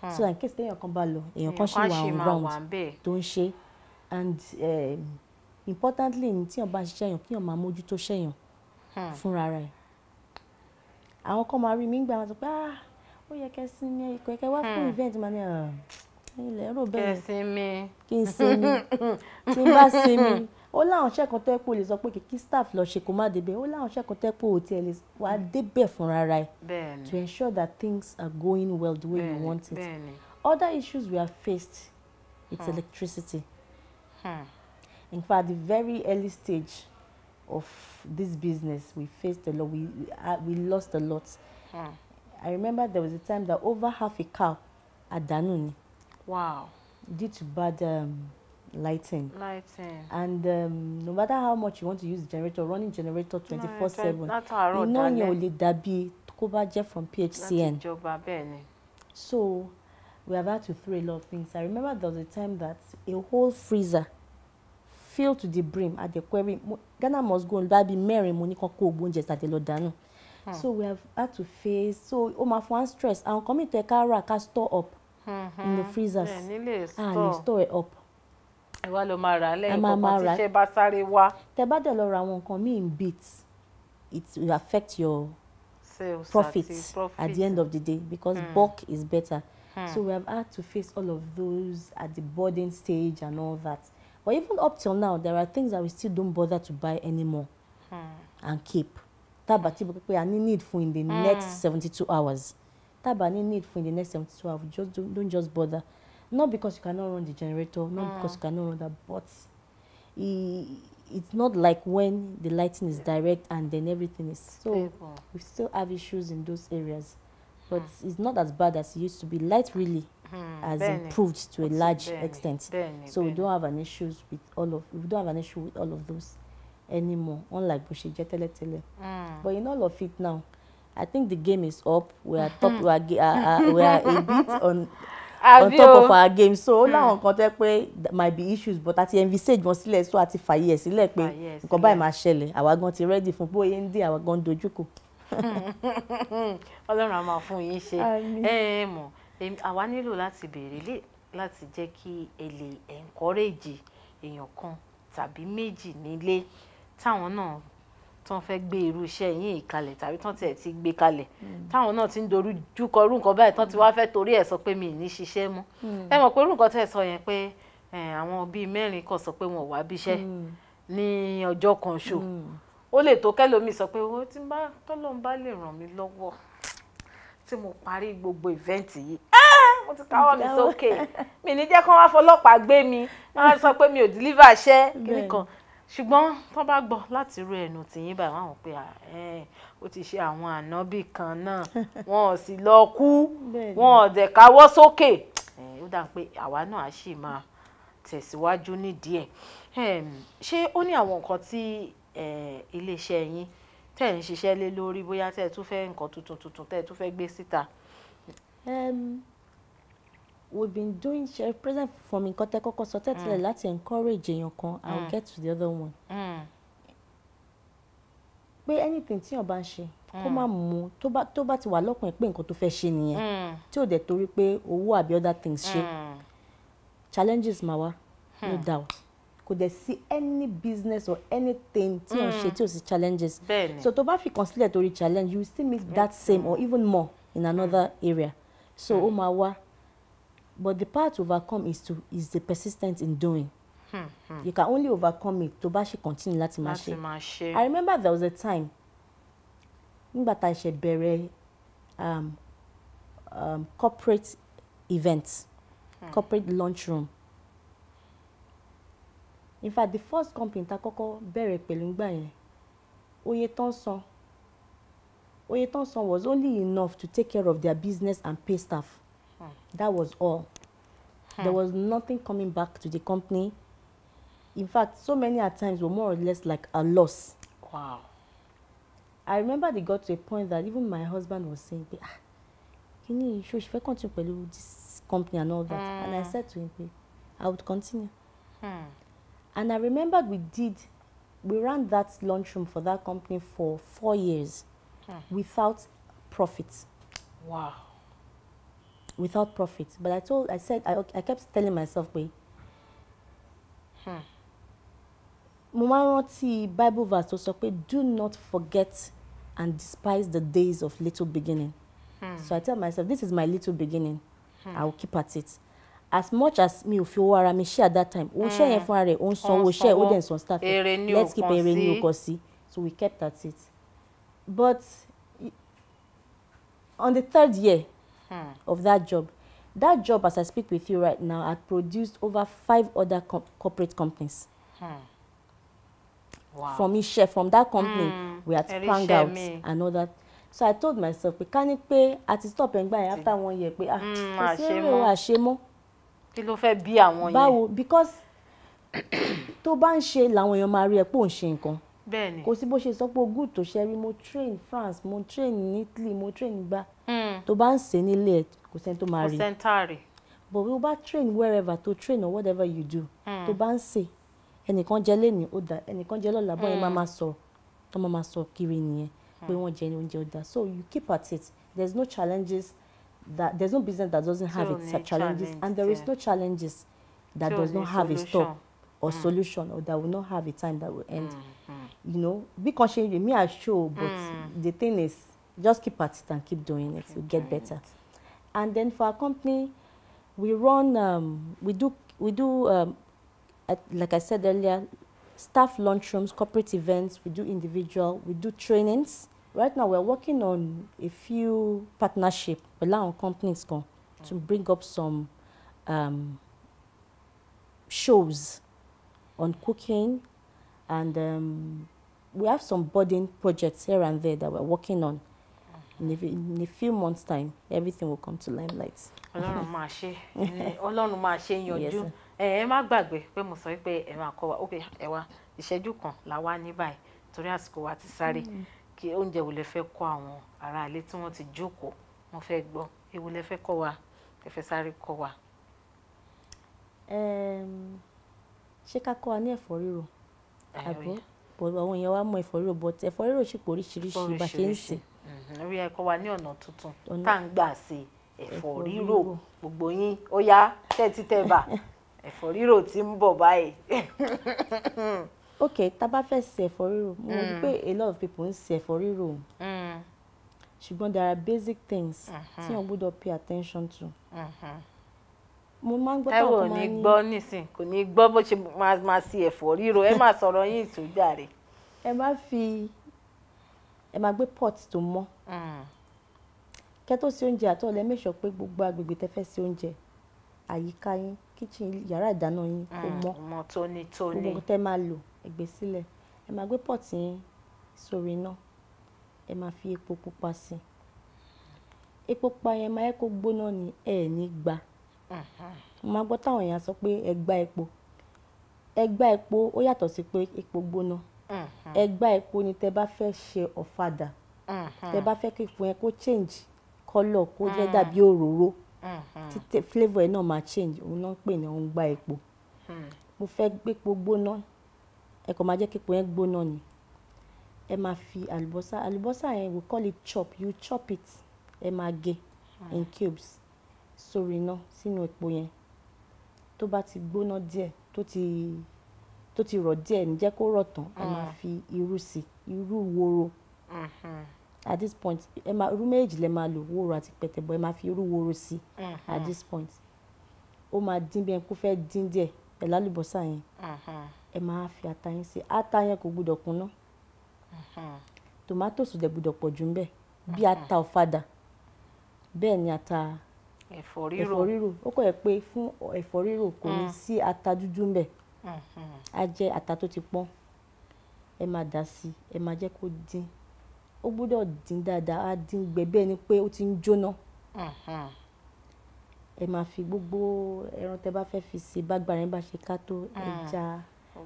hmm. so that in case téèyàn kan bá lọ èèyàn kan ṣì wà round tó ń ṣe and um, importantly ní tíyàn bá ṣiṣẹ́ yàn kíyàn máa mójútó ṣẹ́yàn. Hmm. fúnra rẹ̀ àwọn kan máa rí mi gbà wọn sọ pé ah ó yẹ kẹ́ sinmi ikọ̀ ẹ̀kẹ́ wá fún hmm. event máa ní ilẹ̀ ah, ẹ̀rọ bẹ́ẹ̀ kí n sinmi (laughs) tí n bá sinmi ó láwọn iṣẹ́ kan tẹ́pọ̀ lè sọ pé kìkì staff lọ ṣe kó má débẹ̀ ó láwọn iṣẹ́ kan tẹ́pọ̀ ò tiẹ̀ lè wá hmm. débẹ̀ fúnra rẹ̀ to ensure that things are going well the way you want it other issues we have faced it's electricity hmm. in fact the very early stage of this business, we faced a lot. We we, uh, we lost a lot. Hmm. I remember there was a time that over half a cow at Danuni. Wow. Due to bad um, lighting. Lighting. And um, no matter how much you want to use the generator, running generator 24/7. Iná yẹn ò lè dàbí kó bá jẹ́ from PHCN. Láti jọba bẹ́ẹ̀ ni. So we have had to throw a lot of things. I remember there was a time that a whole freezer Fill to the brim at the quarry. Ghana must go and bíi mẹ́rin Money ní kàn kó ògbó oúnjẹ hmm. so we have had to face so ó máa fún wa stress àwọn kan to ká rà ká store up hmm, in the hmm. freezers a lè store it up. ẹ wá lọ máa rà á lẹ́yìn kọ́kọ́ tí iṣẹ́ bá sáré wá. tẹ bá dẹ̀ ra àwọn nǹkan míì in bits it will affect your sales profit, at the end of the day because mm. bulk is better. Mm. So we have had to face all of those at the boarding stage and all that. But even up till now, there are things that we still don't bother to buy anymore hmm. and keep. Tábà tí we a ní need for in the hmm. next seventy-two hours. Tábà ní need for in the next 72 hours. Just don't, don't just bother. Not because you cannot run the generator, not hmm. because you cannot run that, but e, it's not like when the lighting is direct and then everything is so. Stable. We still have issues in those areas, but hmm. it's not as bad as it used to be. Light really mm, has bene. improved to a large bene, extent. Bene, so bene. we don't have an issue with all of we don't have an issue with all of those anymore, unlike bó ṣe jẹ́ Mm. But in all of it now, I think the game is up. We are top. Hmm. we are uh, we are a bit (laughs) on. on top of our game so ó hmm. láwọn kan tẹ́ pé might be issues but àti envisage wọn sílẹ̀ so àti fàyè ẹ̀ sílẹ̀ pé nǹkan báyìí máa ṣẹlẹ̀ àwa gan ti ready fún bóyá ń dín àwa gan dojúkọ. (laughs) ọlọ́run á máa fún yín ṣe ẹ ẹ àwa nílò láti béèrè lè láti jẹ́ kí ẹ lè encourage èèyàn kan tàbí méjì nílé táwọn náà tán fẹ́ gbé irú iṣẹ́ yín ìkalẹ̀ tàbí tán tiẹ̀ ti gbé kalẹ̀ hmm. táwọn náà ti ń dojú kọ irú nǹkan báyìí tán ti wá fẹ́ torí ẹ̀ sọ pé mi ì ní ṣiṣẹ́ mọ́ hmm. ẹ mọ̀ pé irú nǹkan tẹ̀ sọ yẹn pé àwọn bíi mẹ́rin kan sọ pé wọn ò wá bíṣẹ́ hmm. ní ọjọ́ kan ṣo ó lè tó kẹ́lòmíì sọ pé owó tí tọ́lọ́run bá lè ràn mí lọ́wọ́ tí mo parí gbogbo ìvẹ́ǹtì yìí mo ti káwọ́ mi sókè mi ní jẹ́ kí wọ́n wá fọlọ́pàá gbé mi wọ́n sọ pé mi ò deliver iṣẹ́ nìkan ṣùgbọ́n tó bá gbọ́ láti ru ẹnu tìyín báyìí wọ́n á pè é ó ti ṣe àwọn ànábì kan náà wọn ò sì lọ kú wọn ò dẹ̀ káwọ́ sókè ó dà pé àwa náà á sì máa tẹ̀síwájú nídìí ẹ̀ ṣé ó ní àwọn nǹkan tí iléeṣẹ́ yín tẹ́ ń ṣiṣẹ́ lé lórí bóyá tẹ́ ẹ tún fẹ́ nǹkan tuntun tuntun tẹ́ ẹ tún fẹ́ gbé síta we've been doing share present for mi nǹkan tẹ́ kọ́kọ́ sọ tẹ́tẹ́lẹ̀ mm. láti encourage èèyàn kan i will mm. get to the other one. Mm. pé anything tí èèyàn bá ń ṣe kó má mú tó bá ti wà lọ́kàn ẹ̀ pé nǹkan tó fẹ́ ṣe nìyẹn tí ò dẹ̀ torí pé owó àbí other things ṣe challenges máa wá no hmm. doubt kò dẹ̀ sí any business or anything tí ò ń ṣe tí ò sí challenges so tó bá fi kàn sílẹ̀ torí challenge you still meet that same or even more in another area so ó hmm. máa wá but the part to overcome is to is the persistence in doing. Hmm, hmm. You can only overcome it to bá continue láti máa I remember there was a time nígbà tá a ṣe bẹ̀rẹ̀ um, um, corporate events, hmm. corporate lunch room in fact the first company that I bẹ̀rẹ̀ pẹ̀lú ngbà yẹn oye was only enough to take care of their business and pay staff. That was all. Hmm. There was nothing coming back to the company. In fact, so many at times were more or less like a loss. Wow. I remember they got to a point that even my husband was saying, ah, can you show she continue with this company and all that? Mm. And I hmm. said to him, I would continue. Hmm. And I remember we did, we ran that lunchroom for that company for four years hmm. without profits. Wow without profit but i told i said i, I kept telling myself pé hmm. mo máa ń bible verse tó sọ do not forget and despise the days of little beginning hmm. so i tell myself this is my little beginning hmm. i will keep at it as much as me, if you owó I mi ṣe at that time òun share yẹn hmm. fúnra rẹ̀ òun san owó ṣe ó dẹ̀ let's keep èrè ní òkò so we kept at it but on the third year hmm. of that job. That job, as I speak with you right now, had produced over five other co corporate companies. Hmm. Wow. From Ishe, from that company, mm. we had sprung out that, So I told myself, we ká pay. pé a stop ẹ̀ngbà yẹn after one year We ah, hmm, kò sí èrè wa ṣe mọ́. Kí ló fẹ́ because (coughs) to ban ń ṣe làwọn èèyàn máa rí ẹ pé bẹ́ẹ̀ni kò sí bó ṣe sọ pé good tó ṣe rí mo train France mo train ní Italy mo train gbá hmm. tó bá ń sè nílé ẹ kò sẹ́ni tó máa rí kò sẹ́ni tá a rí but bí o bá train wherever to train or whatever you do hmm. tó bá ń sè ẹnìkan jẹ lẹ́nìí ó da ẹnìkan jẹ lọ́la bọ́ọ̀ yẹn máa hmm. máa sọ tó máa máa sọ kiri nìyẹn pé wọ́n jẹ oúnjẹ ó da so you keep at it there is no challenges that there is no business that doesn't have its challenges and there is no challenges that does not have a stop or mm. solution or that will not have a time that will end. Mm. You know, be conscious, me I show, but mm. the thing is, just keep at it and keep doing it. you get better. And then for our company, we run, um, we do, we do, um, at, like I said earlier, staff lunchrooms, corporate events, we do individual, we do trainings. Right now, we're working on a few partnership with our companies to mm. bring up some um, shows on cooking, and um, we have some budding projects here and there that we're working on. In a, in a few months' time, everything will come to limelight. Ọlọ́run máa torí àsìkò wa ti sáré mm. kí oúnjẹ wo lẹ fẹ́ kọ́ àwọn ará ilé tí wọ́n ti jókòó wọ́n fẹ́ gbọ́ ewu lẹ fẹ́ kọ́ wa ẹ fẹ́ sáré kọ́ wa ṣé ká kọ́ wa ní ẹ̀fọ́ ríro àbọ̀ bọ̀dọ̀ àwọn èèyàn wa mọ ẹ̀fọ́ ríro bọ̀tẹ̀ ẹ̀fọ́ ríro sì pọ̀ oríṣiríṣi bá ṣe ń sè. orí mm-hmm. ẹ̀kọ́ wa ní ọ̀nà tuntun tá à ń gbà ṣe ẹ̀fọ́ ríro gbogbo yín ó yá tẹ́tí tẹ́ bá (laughs) ẹ̀fọ́ ríro ti ń bọ̀ báyìí. (laughs) ok tá a bá fẹ́ ṣe ẹ̀fọ́ ríro mo rí mm. pé a lot of people ń ṣe ẹ̀fọ́ ríro mm. ṣùgbọ́n there are basic things mm-hmm. tí wọ́n gbọ́dọ̀ pay attention to. Mm -hmm mo máa ń gbọ́ táwọn ọmọ ní. táwọn ò ní gbọ́ nísìn kò ní gbọ́ bó ṣe máa ṣe ẹ̀fọ́ ríro ẹ máa (laughs) sọ̀rọ̀ yín ìtòjà rẹ̀. ẹ má fi ẹ máa gbé pot tó mọ́ mm. kẹ́ tó ṣe oúnjẹ àtọ́ lẹ́ mẹ́sọ̀ pé gbogbo agbègbè tẹ́ fẹ́ ṣe oúnjẹ àyíká yín kíchìn yàrá ìdáná yín kó mm, mọ́ mọ́ tónítóní gbogbo tẹ́ máa lò ẹ sílẹ̀ ẹ máa gbé pot yín sórí iná ẹ máa fi epo pupa sí i epo pupa yẹn máa yẹ kó gbóná ni ẹ ní gbà mo máa gbọ́ táwọn èèyàn sọ pé ẹgbá epo ẹgbá epo ó yàtọ̀ sí pé epo gbóná mm-hmm. ẹgbá epo ni tẹ bá fẹ́ ṣe ọ̀fadà mm-hmm. tẹ bá fẹ́ kí fún ẹ kó change colour kó jẹ́ mm-hmm. dàbí òróró títẹ flavour ẹ náà máa change òun náà ń pè ní òun gbá epo mo fẹ́ gbépo gbóná ẹ kàn máa jẹ́ kí epo yẹn gbóná ni ẹ máa fi àlùbọ́sà àlùbọ́sà yẹn we call it chop you chop it ẹ máa gé in cubes sórí iná sínú epo yẹn tó bá ti gbóná díẹ̀ tó ti tó ti rọ̀ díẹ̀ ní kó rọ̀ tán ẹ máa mm. fi irú sí irú woro mm-hmm. at this point ẹ máa irú méjì lẹ máa lò woro àti pẹ̀tẹ̀bọ̀ ẹ máa fi irú woro si. Mm-hmm. at this point ó máa dín bí ẹ kó fẹ́ dín díẹ̀ pẹ̀lú àlùbọ́sà yẹn mm-hmm. ẹ máa fi ata yẹn sí ata yẹn kò gbúdọ̀ kúnná tòmátòsù dẹ̀ gbúdọ̀ pọ̀ jù ń bẹ̀ bí ata ọ̀fadà bẹ́ẹ̀ ni ata ẹ̀fọ́ ríro ẹ̀fọ́ ríro ó kọ̀ ẹ́ pé fún ẹ̀fọ́ ríro kò ní mm. sí ata dúdú ń bẹ̀ á mm-hmm. jẹ́ ata tó ti pọ́n ẹ máa dà sí ẹ máa jẹ́ kó dín ó gbúdọ̀ dín dáadáa á dín gbẹ bẹ́ẹ̀ ni pé ó ti ń jóná mm-hmm. ẹ máa fi gbogbo ẹran tẹ bá fẹ́ fi sí bágbára yín bá ṣe ká tó mm. ẹja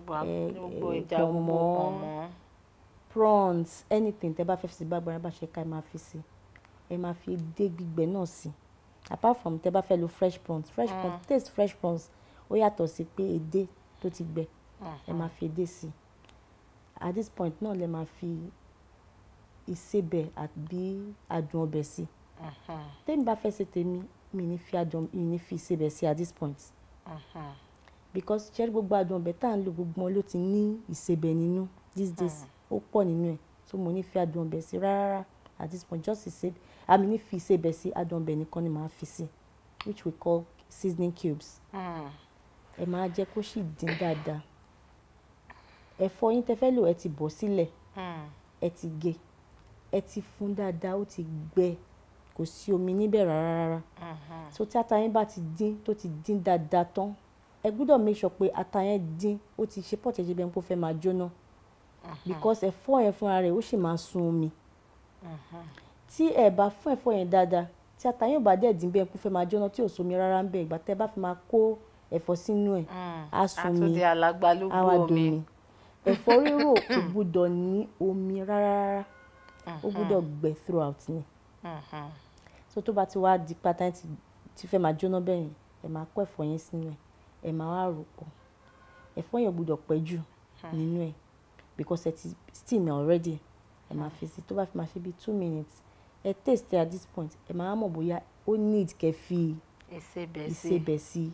pọ̀nmọ́ prawns anything tẹ bá fẹ́ fi sí bágbára yín bá ṣe ká ẹ máa fi sí ẹ máa fi edé gbígbẹ náà sí. Si apart from tẹ́ bá fẹ́ lo fresh prawns fresh prawns mm. taste fresh prawns ó yàtọ̀ sí pé edé tó ti gbẹ ẹ mm-hmm. máa fi edé sí at this point náà lè máa fi ìsebẹ̀ àbí adùn ọbẹ̀ sí i mm-hmm. tẹ́mi bá fẹ́ ṣe tèmi mi ní fi adùn mi ní fi ìsebẹ̀ sí at this point uh-huh. because ṣẹ́rí gbogbo adùn ọbẹ̀ tá à ń lò gbogbo wọn ló ti ní ìsebẹ̀ nínú these days mm. ó pọ̀ nínú ẹ̀ so mo ní fi adùn ọbẹ̀ sí rárá at this point just ìsebẹ̀ àmì ní fi ṣe bẹ́ẹ̀ sí adùnbẹ̀ nìkan ni màá fi sí which we call seasoning cubes hmm. ẹ máa jẹ́ kó sì dín dáadáa ẹ̀fọ́ yín tẹ́ fẹ́ lò ẹ ti bọ̀ sílẹ̀ hmm. ẹ ti gé ẹ ti fún dáadáa ó ti gbẹ kò sí omi níbẹ̀ rárá hmm. so tí ata yẹn bá ti dín tó ti dín dáadáa tán ẹ gbúdọ̀ make sure pé ata yẹn dín ó ti ṣe pọ̀tẹ́ ṣe bẹ́ẹ̀ kó fẹ́ máa jóná because ẹ̀fọ́ yẹn fúnra rẹ̀ ó sì máa sun omi tí ẹ bá fún ẹ̀fọ́ yẹn dáadáa tí ata yóò bá dẹ̀ dín bí ẹkú fẹ́ máa jóná tí ò sómi rárá ń bẹ ìgbà tẹ́ bá fi máa kó ẹ̀fọ́ sínú ẹ̀ mm, á sun ẹ̀fọ́ rírò kò gbúdọ̀ ní omi rárá ó mm-hmm. gbúdọ̀ gbẹ throughout ni mm-hmm. so tó bá ti wá di pátá tí fẹ́ máa jóná bẹ́ẹ̀ yẹn ẹ máa kó ẹ̀fọ́ yẹn sínú ẹ̀ ẹ máa wá rò pọ̀ ẹ̀fọ́ yẹn gbúdọ̀ pẹ́ jù mm-hmm. nínú ẹ̀ because ẹ ti steam already ẹ máa fi sí tó bá fi máa ṣe bíi two minutes ẹ taste at this point ẹ máa mọ̀ bóyá ó need kẹ́ fi ìsebẹ̀ sí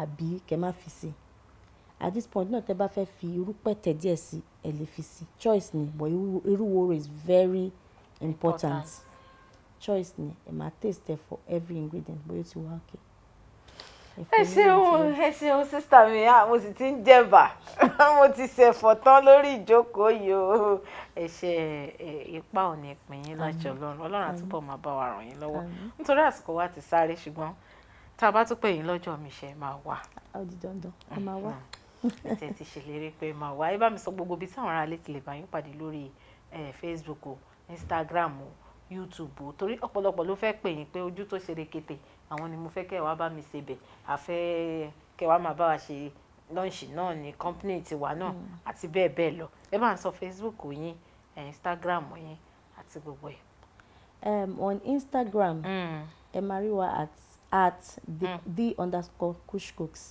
àbí kẹ́ má fi sí at this point náà tẹ́ bá fẹ́ fi irú pẹ̀tẹ̀ díẹ̀ sí ẹ lè fi sí choice ni but irú woro is very important, important. choice ni ẹ máa taste for every ingredient bóyá ó ti wá okay ẹ ṣeun ẹ ṣeun sista mi mo sì ti ń jẹ̀bà (laughs) mo ti ṣẹ̀fọ̀ tán lórí ìjókòó yìí o ẹ ṣe ipa ò ní pín yín láṣẹ ọlọ́run ọlọ́run àtúbọ̀ máa bá wa ràn yín lọ́wọ́ nítorí àsìkò wa ti sáré ṣùgbọ́n tá a bá tún pè yín lọ́jọ́ mi ṣe máa wà. ó di dandan ẹ máa wà. ètò mm-hmm. ti ṣèlérí pé máa wà ẹ bá mi sọ gbogbo ibi táwọn aráalé ti lè bá yín pàdé lórí Facebook Instagram YouTube torí ọ̀pọ̀lọpọ̀ ló fẹ́ pè yín pé ojú tó ṣe rekete àwọn ni mo fẹ́ kẹ́ wá bá mi ṣe bẹ̀ àfẹ́ kẹ́ wá máa bá wa ṣe lọ́ọ̀ṣì náà ní company tiwa náà mm. àti bẹ́ẹ̀ bẹ́ẹ̀ lọ ẹ bá ń sọ Facebook yín Instagram yín àti gbogbo ẹ̀. on Instagram mm. ẹ máa rí wa at at the, mm. the underscore cooks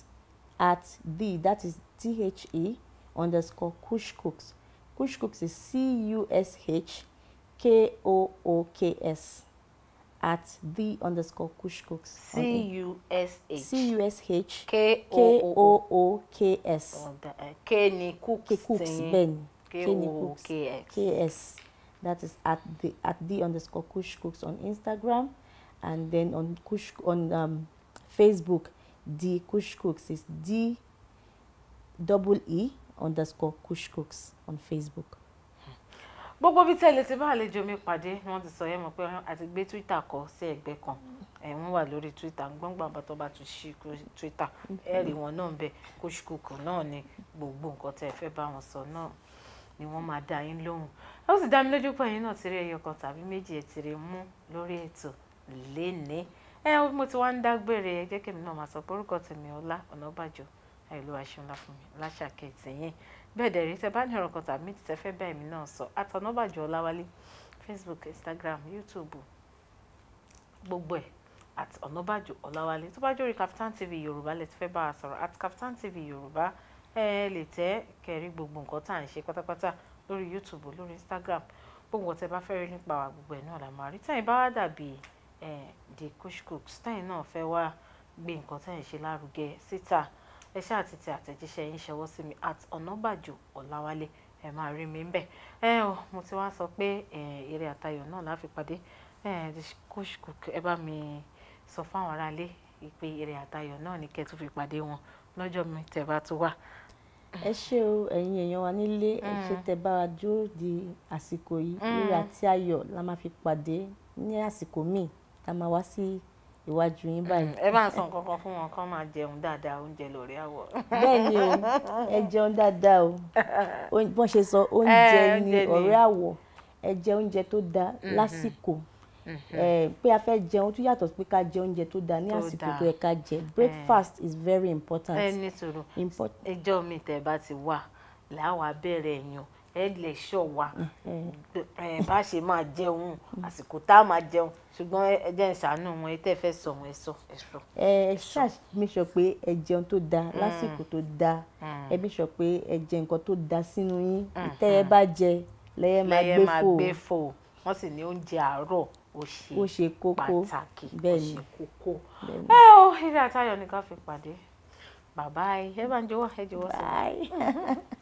at the that is the underscore cooks kushcooks cooks is c-u-s-h. K O O K S. at the underscore Kush Cooks. C U S H. C U S H. K O O K S. K Kenny Cooks. K Cooks Ben. K O K S. K S. That is at the at the underscore Kush Cooks on Instagram, and then on Kush on um, Facebook, the Kush Cooks is D double E underscore Kush Cooks on Facebook. gbogbo bí tẹ́lẹ̀ ti bá àlejò mi pàdé ni wọ́n ti sọ yẹn mọ̀ pé àti gbé twitter kọ sí ẹ̀gbẹ́ kan ẹ̀ ń wà lórí twitter gbọ́ngbà bàtọ́ bá tún ṣí twitter ẹ̀ rí wọn náà ń bẹ kóṣùkòkò náà ni gbogbo nǹkan tẹ́ ẹ fẹ́ bá wọn sọ náà ni wọ́n máa dá yín lóhùn ó sì dá mi lójú pé ẹ̀yin náà ti rí ẹyọ kan tàbí méjì ẹ̀ ti rí mú lórí ètò léni ẹ mo ti wá ń dágbére ẹ jẹ́ kí èmi náà máa sọ pé orúkọ tèmi Ọlá Ọ̀nàbàjọ́ àìlú àṣùnlá fún mi láṣà kẹtìyìn bẹ́ẹ̀ dẹ̀ rí tẹ bá ní ọ̀rọ̀ kan tàbí méjì tẹ fẹ́ bá èmi náà sọ àtọ̀nàbàjọ ọláwálé facebook instagram youtube gbogbo ẹ̀ at ọ̀nàbàjọ ọláwálé tó bá jórí Kaftan TV yorùbá lè ti fẹ́ bá a sọ̀rọ̀ at Kaftan TV yorùbá ẹ lè tẹ́ kẹrí gbogbo nǹkan tá à ń ṣe pátápátá lórí youtube lórí instagram gbogbo tẹ bá fẹ́ rí nípa wa gbogbo ẹ̀ náà la máa rí tẹ́yìn bá wá dàbí the Kushkooks tẹ́yìn náà fẹ́ wá gbé nǹkan tẹ́yìn ṣe lárugẹ síta ẹ ṣáà àti ti àtẹ̀jíṣẹ́ yín ṣọwọ́ sí mi at ọ̀nàbàjò ọ̀làwálé ẹ máa rí mi ńbẹ̀ ẹ ọ mo ti wá sọ pé eré àtayọ̀ náà la fi pàdé ẹ bá mi sọ fáwọn aráalé ìpè eré àtayọ̀ náà ní kẹ́ẹ̀ tó fi pàdé wọn lọ́jọ́ mi tẹ̀ bá tó wà ẹ ṣé o ẹ̀yin èèyàn wa nílé ẹ mm. ṣé tẹ́ bá wa jó di àsìkò yìí mm. rírà tí ayọ̀ la máa fi pàdé ní àsìkò míì tá máa wá sí iwájú yín báyìí. ẹ bá ń san kankan fún wọn kán máa jẹun dáadáa oúnjẹ lórí àwọ. bẹ́ẹ̀ ni o ẹ jẹun dáadáa o (laughs) bọ́n ṣe sọ oúnjẹ ni ọ̀rẹ́ àwọ̀ ẹ jẹ oúnjẹ tó dáa mm-hmm. lásìkò mm-hmm. pé a fẹ́ jẹun tó yàtọ̀ pé ká jẹ oúnjẹ tó dáa ní àsìkò tó yẹ jẹ breakfast is very important. ẹ ní sọ̀rọ̀ ẹjọ́ mi tẹ̀ bá ti wà láwa bẹ̀rẹ̀ yan ẹ̀ẹ́dìlẹ̀ ṣọ́ wa mm-hmm. bá ṣe máa jẹun àsìkò tá a máa jẹun ṣùgbọ́n ẹ jẹ́ ìṣàánú wọn ẹ tẹ́ fẹ́ sọ wọn ẹ sọ ẹ sọ. ẹ ṣàmìṣọ pé ẹ jẹun tó dáa mm. lásìkò tó dáa mm. ẹ mìṣọ pé ẹ jẹ nǹkan tó dáa sínú yín mm-hmm. tẹ́ ẹ bá jẹ lẹ́yẹ máa gbé fò wọ́n sì ní oúnjẹ àárọ̀ ó ṣe pàtàkì ó ṣe kókó. ẹ o eré àtayọ̀ ni ká fi pàdé bàbá ẹ bá ń jọ̀wọ́ ẹ jọ̀wọ́ sí i. (laughs)